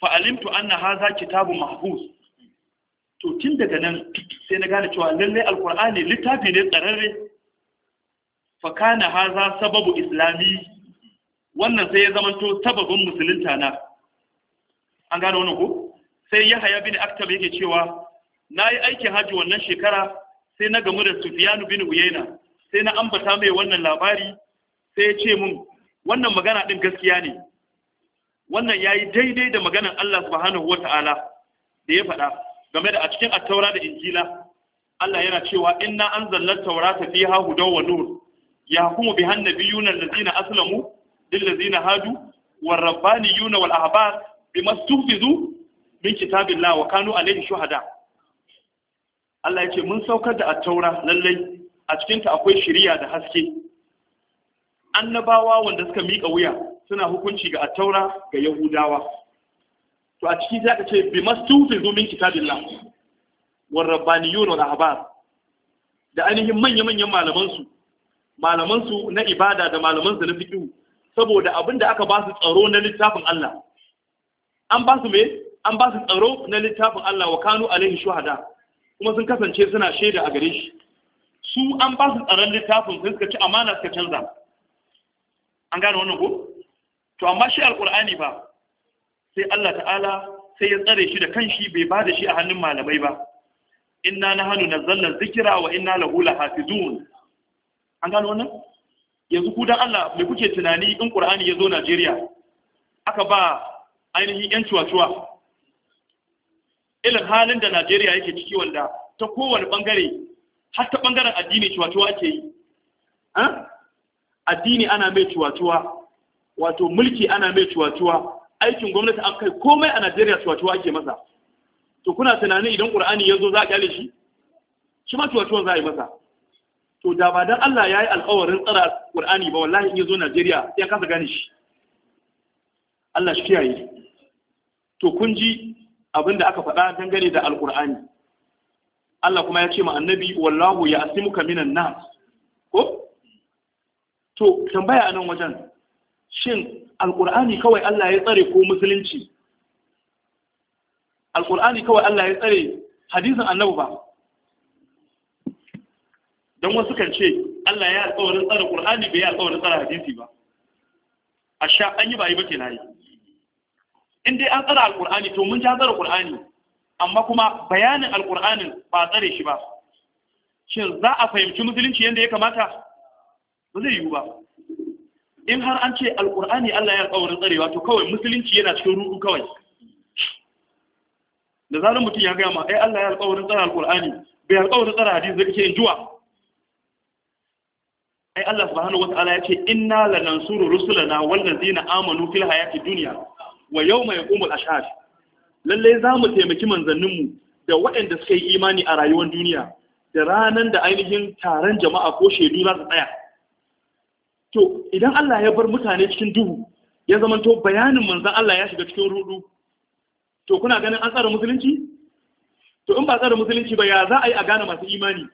fa'alimtu an na haza kitabu mahfuz to tun daga nan sai na gane cewa lallai alkur'ani littafi ne tsararre fakana haza sababu islami wannan sai ya zamanto sababin musulunta na an gano wannan ko sai ya haya bin aktab yake cewa na yi aikin haji wannan shekara sai na gamu da sufiyanu bin uyaina sai na ambata mai wannan labari sai ya ce mun wannan magana din gaskiya ne wannan yayi daidai da maganar Allah subhanahu wata'ala da ya faɗa game da a cikin attaura da injila Allah yana cewa inna anzalna taurata fiha hudaw wa nur kuma bi han nabiyuna zina aslamu din ladzina hadu war rabbaniyuna wal ahbar bima tuhfizu min kitabillah wa kanu alayhi shuhada Allah ya ce mun saukar da at-taura lallai a cikin ta akwai shiriya da haske annabawa wanda suka mika wuya suna hukunci ga at-taura ga yahudawa to a ciki zaka ce bima tuhfizu min kitabillah war rabbaniyuna wal ahbar da ainihin manya-manyan malamansu malamansu na ibada da malamansu na fiqh saboda abin da aka ba su tsaro na littafin Allah an ba su me an ba su tsaro na littafin Allah wa kanu alaihi shuhada kuma sun kasance suna shaida a gare shi su an ba su tsaron littafin sun suka ci amana suka canza an gane wannan ko to amma shi alqur'ani ba sai Allah ta'ala sai ya tsare shi da kanshi bai ba da shi a hannun malamai ba inna nahnu nazzalna dhikra wa inna lahu lahafizun an gano wannan yanzu ku dan Allah me kuke tunani in Qur'ani ya zo Najeriya aka ba ainihin yan cuwa-cuwa halin da Najeriya yake ciki wanda ta kowane bangare har ta bangaren addini cuwa-cuwa ake yi addini ana mai cuwa-cuwa wato mulki ana mai cuwa-cuwa aikin gwamnati an kai komai a Najeriya cuwa-cuwa ake masa to kuna tunanin idan Qur'ani ya zo za a kyale shi shi ma cuwa-cuwan za a yi masa to da ba dan Allah ya yi alƙawarin tsara Qur'ani ba wallahi in ya zo Najeriya ya kasa gane shi Allah shi kiyaye to kun ji abin da aka faɗa dangane da Alƙur'ani Allah kuma ya ce ma annabi wallahu ya asimuka minan nas ko to tambaya a nan wajen shin Alƙur'ani kawai Allah ya tsare ko musulunci Alƙur'ani kawai Allah ya tsare hadisin annabi ba don wasu kan ce Allah ya alƙawarin tsara Qur'ani bai ya alƙawarin tsara hadisi ba a sha an yi ba yi na yi in dai an tsara alƙur'ani to mun ja tsara Qur'ani amma kuma bayanin alƙur'anin ba tsare shi ba shin za a fahimci musulunci yadda ya kamata ba zai yiwu ba in har an ce alƙur'ani Allah ya alƙawarin tsarewa to kawai musulunci yana cikin rudu kawai da zarar mutum ya gaya ma ai Allah ya alƙawarin tsara alƙur'ani bai alƙawarin tsara hadisi zai kace in juwa ai Allah subhanahu wataala ya ce inna lanansuru rusulana ladina amanu fil hayati dunya wa yawma yaqumul ashhad lalle za mu taimaki mu da waɗanda suka yi imani a rayuwar duniya da ranan da ainihin taron jama'a ko shaidu za su tsaya to idan Allah ya bar mutane cikin duhu ya zamanto bayanin manzan Allah ya shiga cikin rudu to kuna ganin an tsara musulunci to in ba tsara musulunci ba ya za a yi a gane masu imani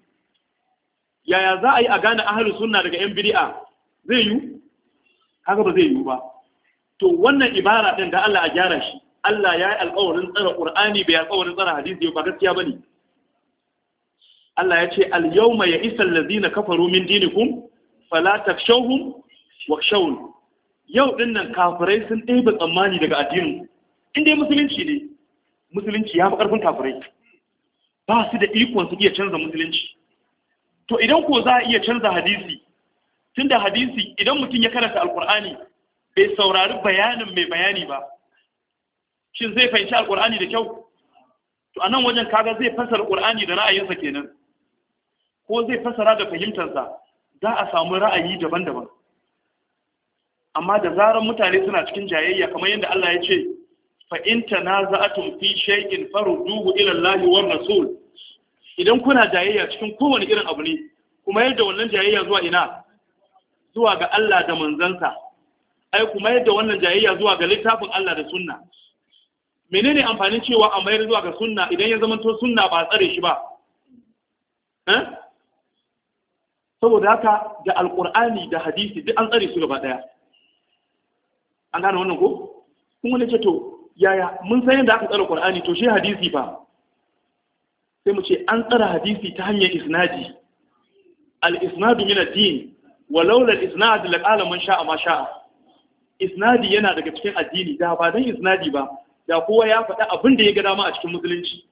yaya za a yi a gane ahalus suna daga yan biri'a? zai yi haka ba zai yi ba to wannan ibara ɗin da Allah a gyara shi Allah ya yi alƙawarin tsara ƙur'ani bai alƙawarin tsara hadisi ba gaskiya ba ne. Allah ya ce al isa ya'isal ladzina kafaru min dinikum fala wa shaun yau ɗin nan kafirai sun ɗebe tsammani daga addinin in dai musulunci ne musulunci ya fi ƙarfin kafirai ba su da ikon su iya canza musulunci to idan ko za a iya canza hadisi tun da hadisi idan mutum ya karanta alkur'ani bai saurari bayanin mai bayani ba shin zai fahimci alkur'ani da kyau to a nan wajen kaga zai fasara alkur'ani da ra'ayinsa kenan ko zai fasara da fahimtarsa za a samu ra'ayi daban-daban amma da zarar mutane suna cikin jayayya kamar yadda Allah ya ce na za a tumfi shaikin faru duhu ilallahi wa rasul idan kuna jayayya cikin kowane irin abu ne kuma yadda wannan jayayya zuwa ina zuwa ga Allah da manzansa ai kuma yadda wannan jayayya zuwa ga littafin Allah da sunna menene amfanin cewa a mayar zuwa ga sunna idan ya zama to sunna ba tsare shi ba eh? saboda haka da alkur'ani da hadisi duk an tsare su gaba daya an gane wannan ko Kuma ne ce to yaya mun san yadda aka tsare qur'ani to shi hadisi fa sai mu ce an tsara hadisi ta hanyar isnadi al-isnadu min ad-din walau lal isnad la qala man sha'a ma sha'a isnadi yana daga cikin addini da ba dan isnadi ba da kowa ya faɗa abin da ya ga dama a cikin musulunci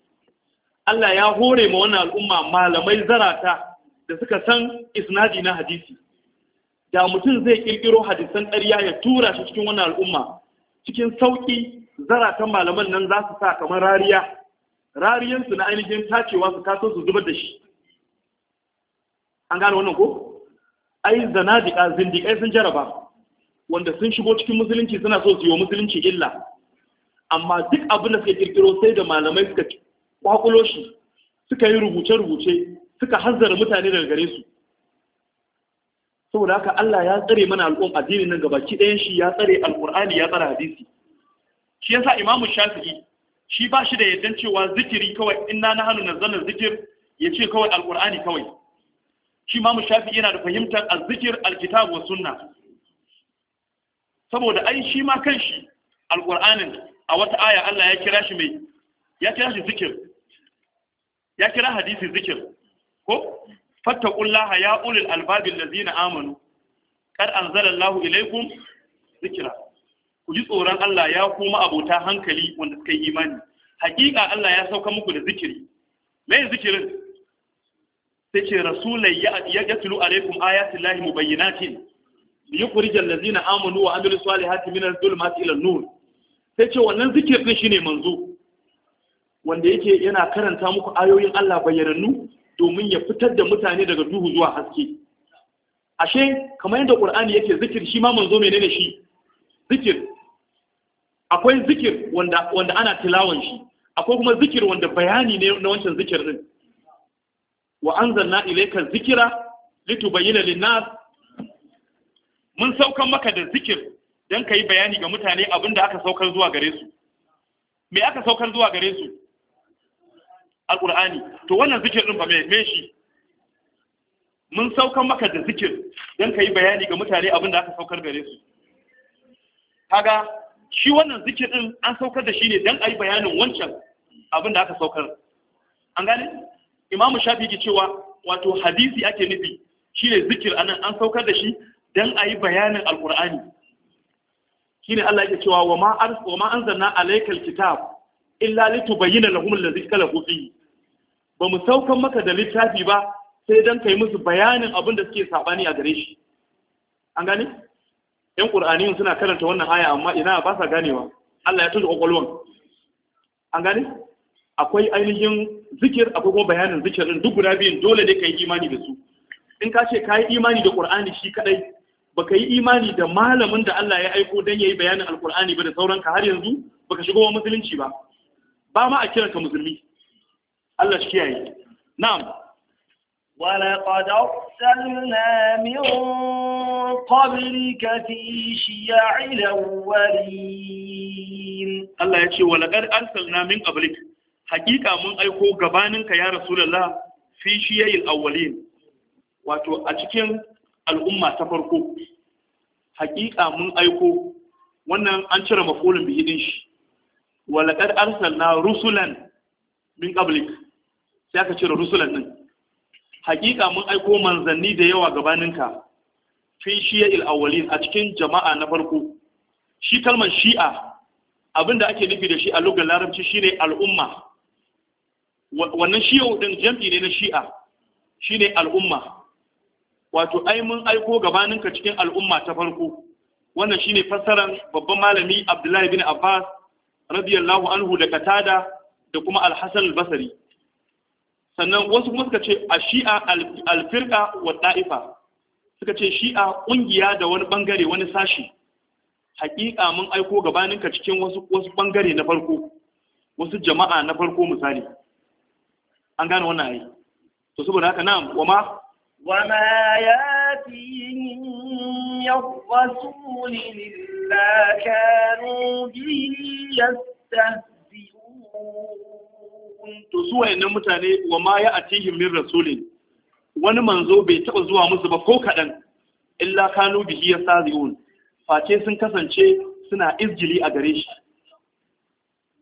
Allah ya hore ma wannan al'umma malamai zarata da suka san isnadi na hadisi da mutum zai kirkiro hadisan ƙarya ya tura shi cikin wannan al'umma cikin sauki zaratan malaman nan za su sa kamar rariya rariyansu na ainihin tacewa su taso su zubar da shi an gane wannan ko ai zanadika zindikai sun jaraba wanda sun shigo cikin musulunci suna so su yi wa musulunci illa amma duk abin da suka kirkiro sai da malamai suka kwakulo shi suka yi rubuce-rubuce suka hanzara mutane daga gare su saboda haka Allah ya tsare mana al'um addinin nan ki ɗayan shi ya tsare alƙur'ani ya tsare hadisi shi yasa imamu shafi'i shi ba shi da yardan cewa zikiri kawai in na hannu na zanen zikir ya ce kawai alkur'ani kawai shi mu shafi yana da fahimtar azzikir alkitab sunna saboda ai shi ma shi alkur'anin a wata aya Allah ya kira shi mai ya kira shi zikir ya kira hadisi zikir ko fattaqullaha ya ulil albabil na amanu kar anzalallahu "Ilaikum, zikira!" ku ji tsoron Allah ya koma abota hankali wanda suka yi imani hakika Allah ya sauka muku da zikiri me zikirin sai ce rasulai ya yatlu alaikum ayati llahi mubayyinatin li yukhrij allazina amanu wa amilu salihati min adh-dhulumati ila an-nur sai ce wannan zikirin shine manzo wanda yake yana karanta muku ayoyin Allah bayyanannu domin ya fitar da mutane daga duhu zuwa haske ashe kamar yadda ƙur'ani yake zikir shi ma manzo menene shi zikir akwai zikir wanda wanda ana tilawan shi akwai kuma zikir wanda bayani ne na wancan zikir din wa anzalna ilayka zikira litubayyana linnas mun saukan maka da zikir dan kai bayani ga mutane abinda aka saukar zuwa gare su me aka saukar zuwa gare su alqur'ani to wannan zikir din ba me me shi mun saukan maka da zikir dan kai bayani ga mutane abinda aka saukar gare su kaga shi wannan zikirin an saukar da shi ne don a yi bayanin wancan abin da aka saukar an gane imamu shafi ke cewa wato hadisi ake nufi shi ne zikir anan an saukar da shi don a yi bayanin alkur'ani shi ne allah yake cewa wa ma an zanna alaikal kitab illa litubayyana lahum allazi ikhtalafu fihi ba mu saukar maka da littafi ba sai don kai musu bayanin abin da suke sabani a gare shi an gane yan ƙur'ani suna karanta wannan aya amma ina ba sa ganewa Allah ya tunta kwakwalwan an gane akwai ainihin zikir akwai kuma bayanin zikir din duk guda biyun dole ne kai imani da su in ka ce kai imani da ƙur'ani shi kadai baka yi imani da malamin da Allah ya aiko dan yi bayanin Alƙur'ani ba da sauran ka har yanzu baka shigo musulunci ba ba ma a kiranka musulmi Allah shi kiyaye na'am ولقد أرسلنا من قبلك في شيع الأولين الله يقول ولقد أرسلنا من قبلك حقيقة من أيكو غبانك يا رسول الله في شيع الأولين wato a cikin al'umma ta farko haƙiƙa mun aiko wannan an cire mafulin bihi din shi walaqad arsalna rusulan min cire rusulan din hakika mun aiko manzanni da yawa gabaninka fi shiya il-awwalin a cikin jama'a na farko shi kalmar shi'a abinda ake nufi da shi a lugar larabci shine al'umma wannan shi'a din jam'i ne na shi'a shine al'umma wato ai mun aiko gabaninka cikin al'umma ta farko wannan shine fassaran babban malami Abdullahi bin Abbas radiyallahu anhu da Katada da kuma Al-Hasan al-Basri sannan wasu kuma suka ce a shi'a alfirka wa ɗa'ifa suka ce shi'a ƙungiya da wani ɓangare wani sashi haƙiƙa mun aiko gabaninka cikin wasu wasu ɓangare na farko wasu jama'a na farko misali an gane wannan ayi to saboda haka na wa ma wa ma yatihim yawrasul la kanu to su wayannan mutane wa ma ya atihim min rasulin wani manzo bai taba zuwa musu ba ko kadan illa kanu bihi yasazihun face sun kasance suna izgili a gare shi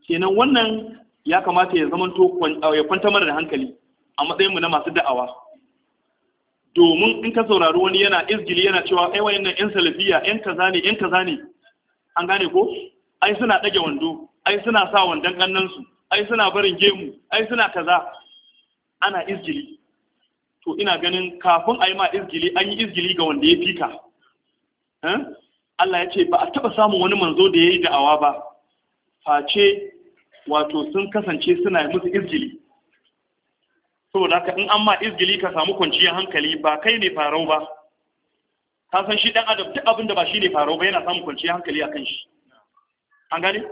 kenan wannan ya kamata ya zamanto ah, ya kwanta mana da hankali a matsayinmu na masu da'awa domin in ka saurari wani yana izgili yana cewa ai wayannan yan salafiya yan kaza ne yan kaza ne an gane ko ai suna dage wando ai suna sa wandan kannansu ai suna barin gemu ai suna kaza ana izgili to ina ganin kafin a yi ma izgili an yi izgili ga wanda ya fi ka eh? Allah ya ce ba a taɓa samun wani manzo da ya yi da'awa ba face wato sun kasance suna musu izgili saboda ka in an ma izgili ka samu kwanciyar hankali ba kai ne farau ba ka san shi dan adam duk abin da ba shi ne farau ba yana samun kwanciyar hankali a kan shi an gane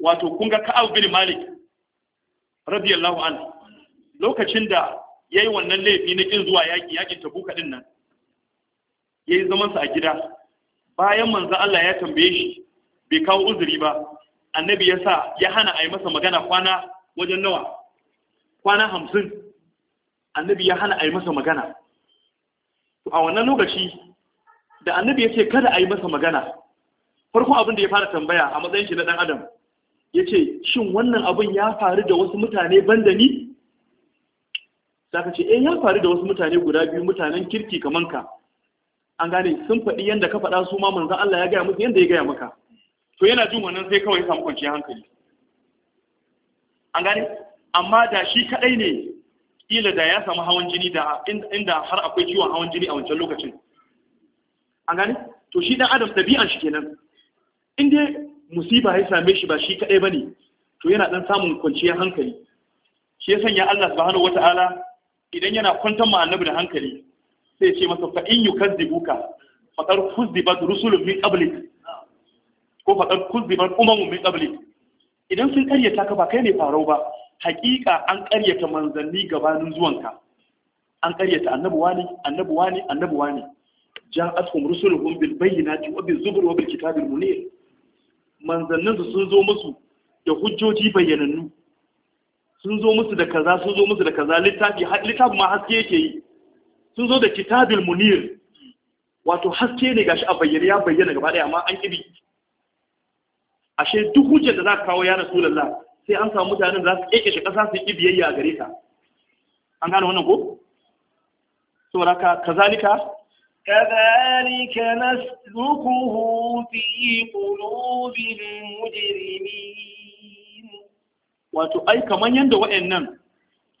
wato kun ga Ka'ab bin Malik radiyallahu anhu lokacin da yayi wannan laifi na kin zuwa yaki yakin tabuka din nan yayi zaman sa a gida bayan manzo Allah ya tambaye shi bai kawo uzuri ba annabi ya sa ya hana a yi masa magana kwana wajen nawa kwana hamsin annabi ya hana a yi masa magana a wannan lokaci da annabi ya ce kada a yi masa magana farko abin da ya fara tambaya a matsayin shi na dan adam ya ce shin wannan abin ya faru da wasu mutane ban da ni saka ce eh ya faru da wasu mutane guda biyu mutanen kirki kaman ka an gane sun faɗi yadda ka faɗa su ma manzan Allah ya gaya musu yadda ya gaya maka to yana jin wannan sai kawai samu kwanciyar hankali an gane amma da shi kaɗai ne Ila da ya samu hawan jini da inda har akwai ciwon hawan jini a wancan lokacin an gane to shi ɗan adam tabi'an shi kenan in dai musiba ya same shi ba shi kaɗai ba ne to yana ɗan samun kwanciyar hankali shi ya sanya Allah subhanahu wata'ala idan yana kwantar ma annabi da hankali sai ce masa fa in yukazzibuka faqad kuzzibat rusulun min qablik ko faqad kuzzibat umamun min qablik idan sun karyata ka ba kai ne farau ba haƙiƙa an karyata manzanni gabanin zuwanka an karyata annabuwa ne annabuwa ne annabuwa ne ja'atuhum rusuluhum bil bayyinati wa bil zubur wa bil kitabil munir manzanninsu sun zo musu da hujjoji bayyanannu sun zo musu da kaza sun zo musu da kaza littafi littafi ma haske yake yi sun zo da kitabul munir wato haske ne gashi a bayyana ya bayyana gaba daya amma an kibi ashe duk hujjar da za ka kawo ya rasulullah sai an samu mutanen da za su shi kasa su yi biyayya a gare ka an gane wannan ko saboda ka kazalika كذلك نسلكه في قلوب المجرمين wato ai kaman yanda waɗannan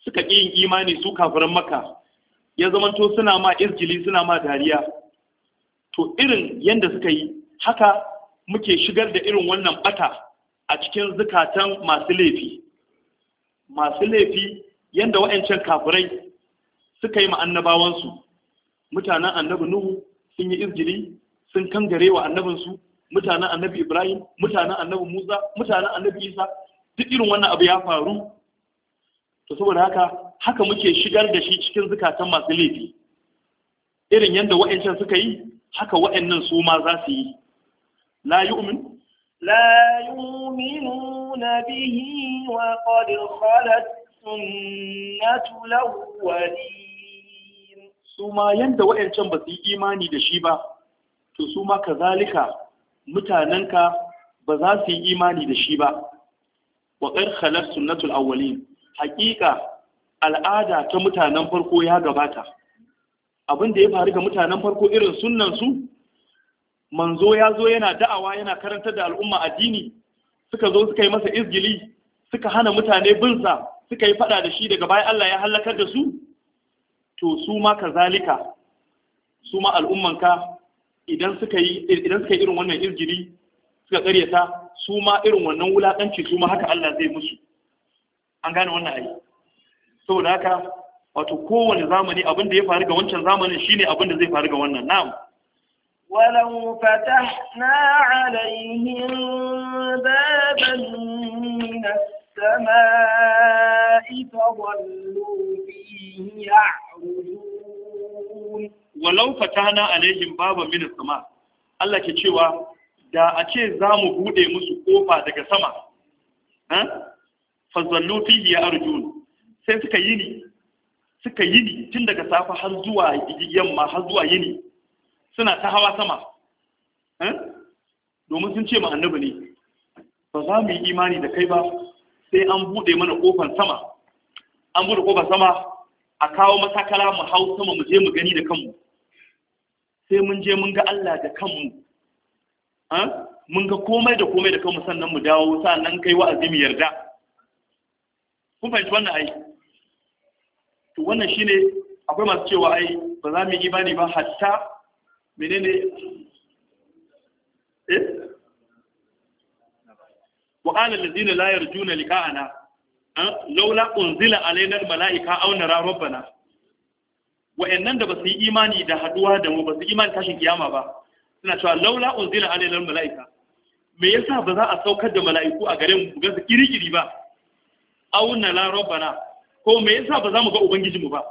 suka ƙi yin imani su kafiran maka ya zamanto suna ma izgili suna ma dariya to irin yanda suka yi haka muke shigar da irin wannan bata a cikin zukatan masu laifi masu laifi yanda wayancan kafurai suka yi ma annabawansu mutanen annabi nuhu sun yi izgiri sun kangare wa annabinsu mutanen annabi ibrahim mutanen annabi musa mutanen annabi isa duk irin wannan abu ya faru to saboda haka haka muke shigar da shi cikin zukatan masu laifi irin yadda wa'ancan suka yi haka wa'annan su ma za su yi la yu'min na يؤمنون wa وقد خلت na الأولين su ma yadda wa'ancan ba su yi imani da shi ba to su ma kazalika mutanenka ba za su yi imani da shi ba Waƙar qad sunnatul awwalin haƙiƙa al'ada ta mutanen farko ya gabata abin da ya faru ga mutanen farko irin sunnan su manzo ya zo yana da'awa yana karantar da al'umma addini suka zo suka yi masa izgili suka hana mutane binsa suka yi faɗa da shi daga baya Allah ya halakar da su to su ma kazalika su ma al'ummanka idan suka yi idan suka irin wannan irgiri suka karyata su ma irin wannan wulakanci su ma haka Allah zai musu an gane wannan ayi saboda haka wato kowane zamani abin da ya faru ga wancan zamanin shine abin da zai faru ga wannan na'am ولو فتحنا عليهم بابا من السماء فظلوا فيه يعلمون walau fatana فتحنا عليهم بابا من sama. Allah ke cewa da a ce za mu bude musu kofa daga sama fazallu fihi arjun sai suka yini suka yini tun daga safa har zuwa yamma har zuwa yini suna ta hawa sama domin sun ce ma annabi ne ba za mu yi imani da kai ba sai an bude mana kofar sama an bude kofar sama a kawo matakala mu hau sama mu je mu gani da kanmu sai mun je mun ga Allah da kanmu ah? mun ga komai da komai da kanmu sannan mu dawo sannan kai wa mu yarda kun fahimci wannan ai to wannan shine akwai masu cewa ai ba za mu yi imani ba hatta menene eh wa qala allazina la yarjuna liqa'ana laula unzila alaina mala'ika auna rarar bana wa'annan da ba su yi imani da haduwa da mu ba su imani tashin kiyama ba suna cewa laula unzila alaina mala'ika me yasa ba za a saukar da mala'iku a garin mu ga su kirikiri ba aw nara rabbana ko me yasa ba za mu ga mu ba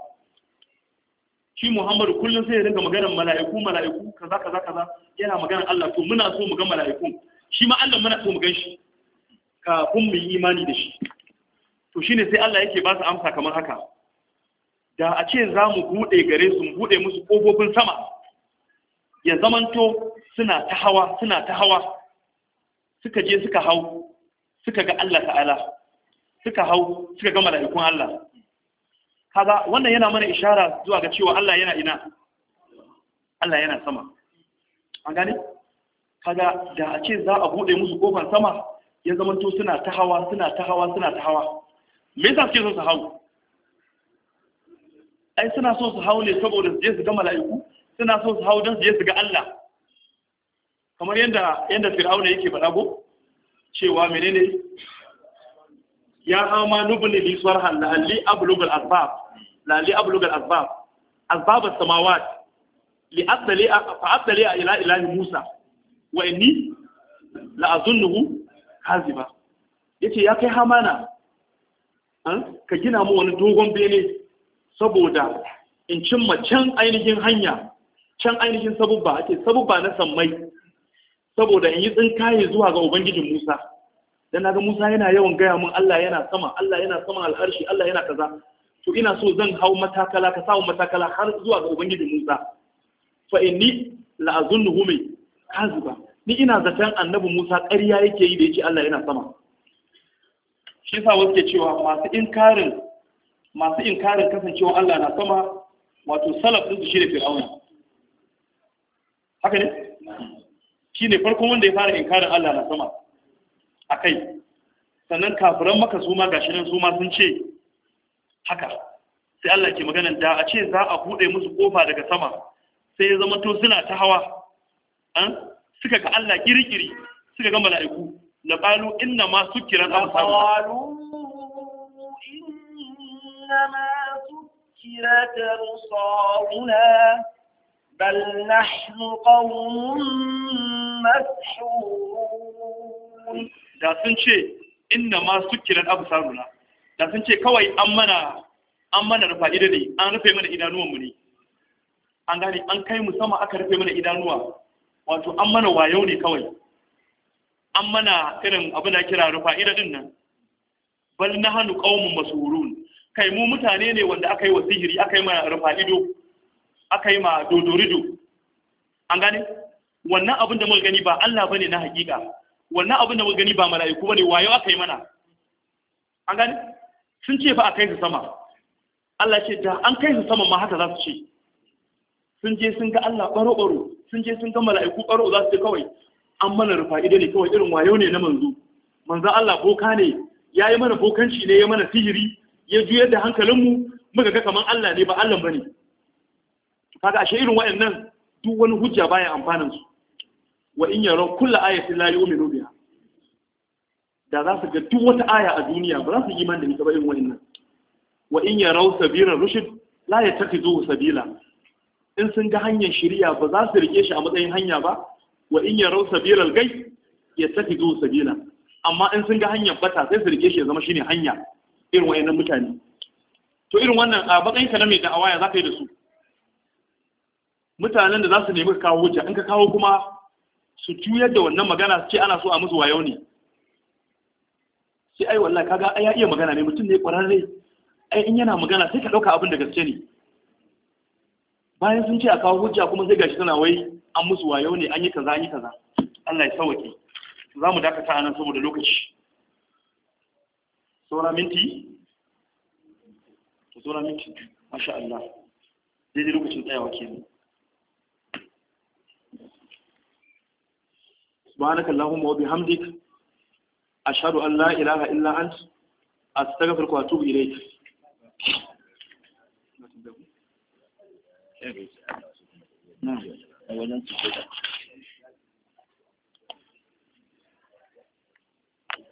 shi muhammadu kullum sai ya rinka maganar mala'iku mala'iku kaza kaza kaza yana maganar allah to muna so mu ga mala'iku shi ma allah muna so mu gan shi kafin mu yi imani da shi to shine sai Allah yake ba su amsa kamar haka da a ce za mu buɗe gare su mu buɗe musu ƙofofin sama ya zamanto suna ta hawa suna ta hawa suka je suka hau suka ga Allah ta'ala suka hau suka ga mala'ikun Allah kaga wannan yana mana ishara zuwa ga cewa Allah yana ina Allah yana sama an gane kaga da a ce za a buɗe musu ƙofar sama ya zamanto suna ta hawa suna ta hawa suna ta hawa me yasa suke son su hau ai suna son su hau ne saboda su je su ga mala'iku suna son su hau don su je su ga Allah kamar yadda yadda fir'auna yake faɗa go cewa menene ya hama nubni li sarhan la ali ablug al asbab la ali ablug al asbab asbab as samawat li asli fa asli ila ilahi musa wa inni la azunnuhu kaziba yace ya kai hamana ka gina mu wani dogon bene saboda in cimma can ainihin hanya can ainihin sabubba ake sabubba na sammai saboda in yi tsinkaye zuwa ga ubangijin Musa na ga Musa yana yawan gaya mun Allah yana sama Allah yana sama alharshi Allah yana kaza to ina so zan hau matakala ka samu matakala har zuwa ga ubangijin Musa fa inni la mai kaziba ni ina zaton annabi Musa karya yake yi da yake Allah yana sama shi sa wasu ke cewa masu inkarin masu inkarin kasancewa Allah na sama wato salaf din shi da fir'auna haka ne shi ne farkon wanda ya fara inkarin Allah na sama a kai sannan kafiran maka su ma gashi nan su ma sun ce haka sai Allah ke maganan da a ce za a buɗe musu kofa daga sama sai ya zama to suna ta hawa an suka ga Allah kirkiri suka ga mala'iku لقالوا إنما سكرت أنصارنا قالوا إنما سكرت أبصارنا بل نحن قوم مسحورون da sun ce inna ma sukiran absaruna da sun ce kawai an mana an mana rufa ido ne an rufe mana idanuwan mu ne an gane an kai mu sama aka rufe mana idanuwa wato an mana wayo ne kawai an mana irin abin da kira rufa ida din nan bal nahnu qaumun masurun kai mu mutane ne wanda aka yi wa sihiri aka yi ma rufa ido aka yi ma dodorido an gane wannan abin da muka gani ba Allah bane na hakika wannan abin da muka gani ba mala'iku bane wayo aka yi mana an gane sun ce fa a kai su sama Allah ce da an kai su sama ma haka za su ce sun je sun ga Allah baro baro sun je sun ga mala'iku baro za su ce kawai an mana rufa ido ne kawai irin wayo ne na manzo Manzo Allah boka ne ya yi mana bokanci ne ya mana sihiri ya juyar da hankalinmu muka ga kaman Allah ne ba Allah ba ne kaga ashe irin wayannan duk wani hujja baya amfanin su wa in yaro kullu ayati la yu'minu biha da za su ga duk wata aya a duniya ba za su yi imani da ita ba irin wayannan wa in yaro sabira rushd la yattakhizuhu sabila in sun ga hanyar shari'a ba za su rike shi a matsayin hanya ba wa in yarau sabilal gai ya tafi zuwa sabila amma in sun ga hanyar bata sai su rike shi ya zama shine hanya irin wayannan mutane to irin wannan a matsayin ka na mai da'awa ya zaka yi da su mutanen da za su nemi kawo hujja in ka kawo kuma su juyar da wannan magana su ce ana so a musu wayo ne sai ai wallahi kaga ai ya iya magana ne mutum ne kwararre ai in yana magana sai ka dauka abin da gaske ne bayan sun ce a kawo hujja kuma sai gashi tana wai an musu wayo ne an yi kaza an yi kaza Allah ya sauke za mu dakata nan saboda lokaci saura minti to saura minti masha Allah daidai lokacin tsayawa wa سبحانك ashhadu an la ilaha illa ant astaghfiruka wa atubu ilayk Thank you. a wajen sujjada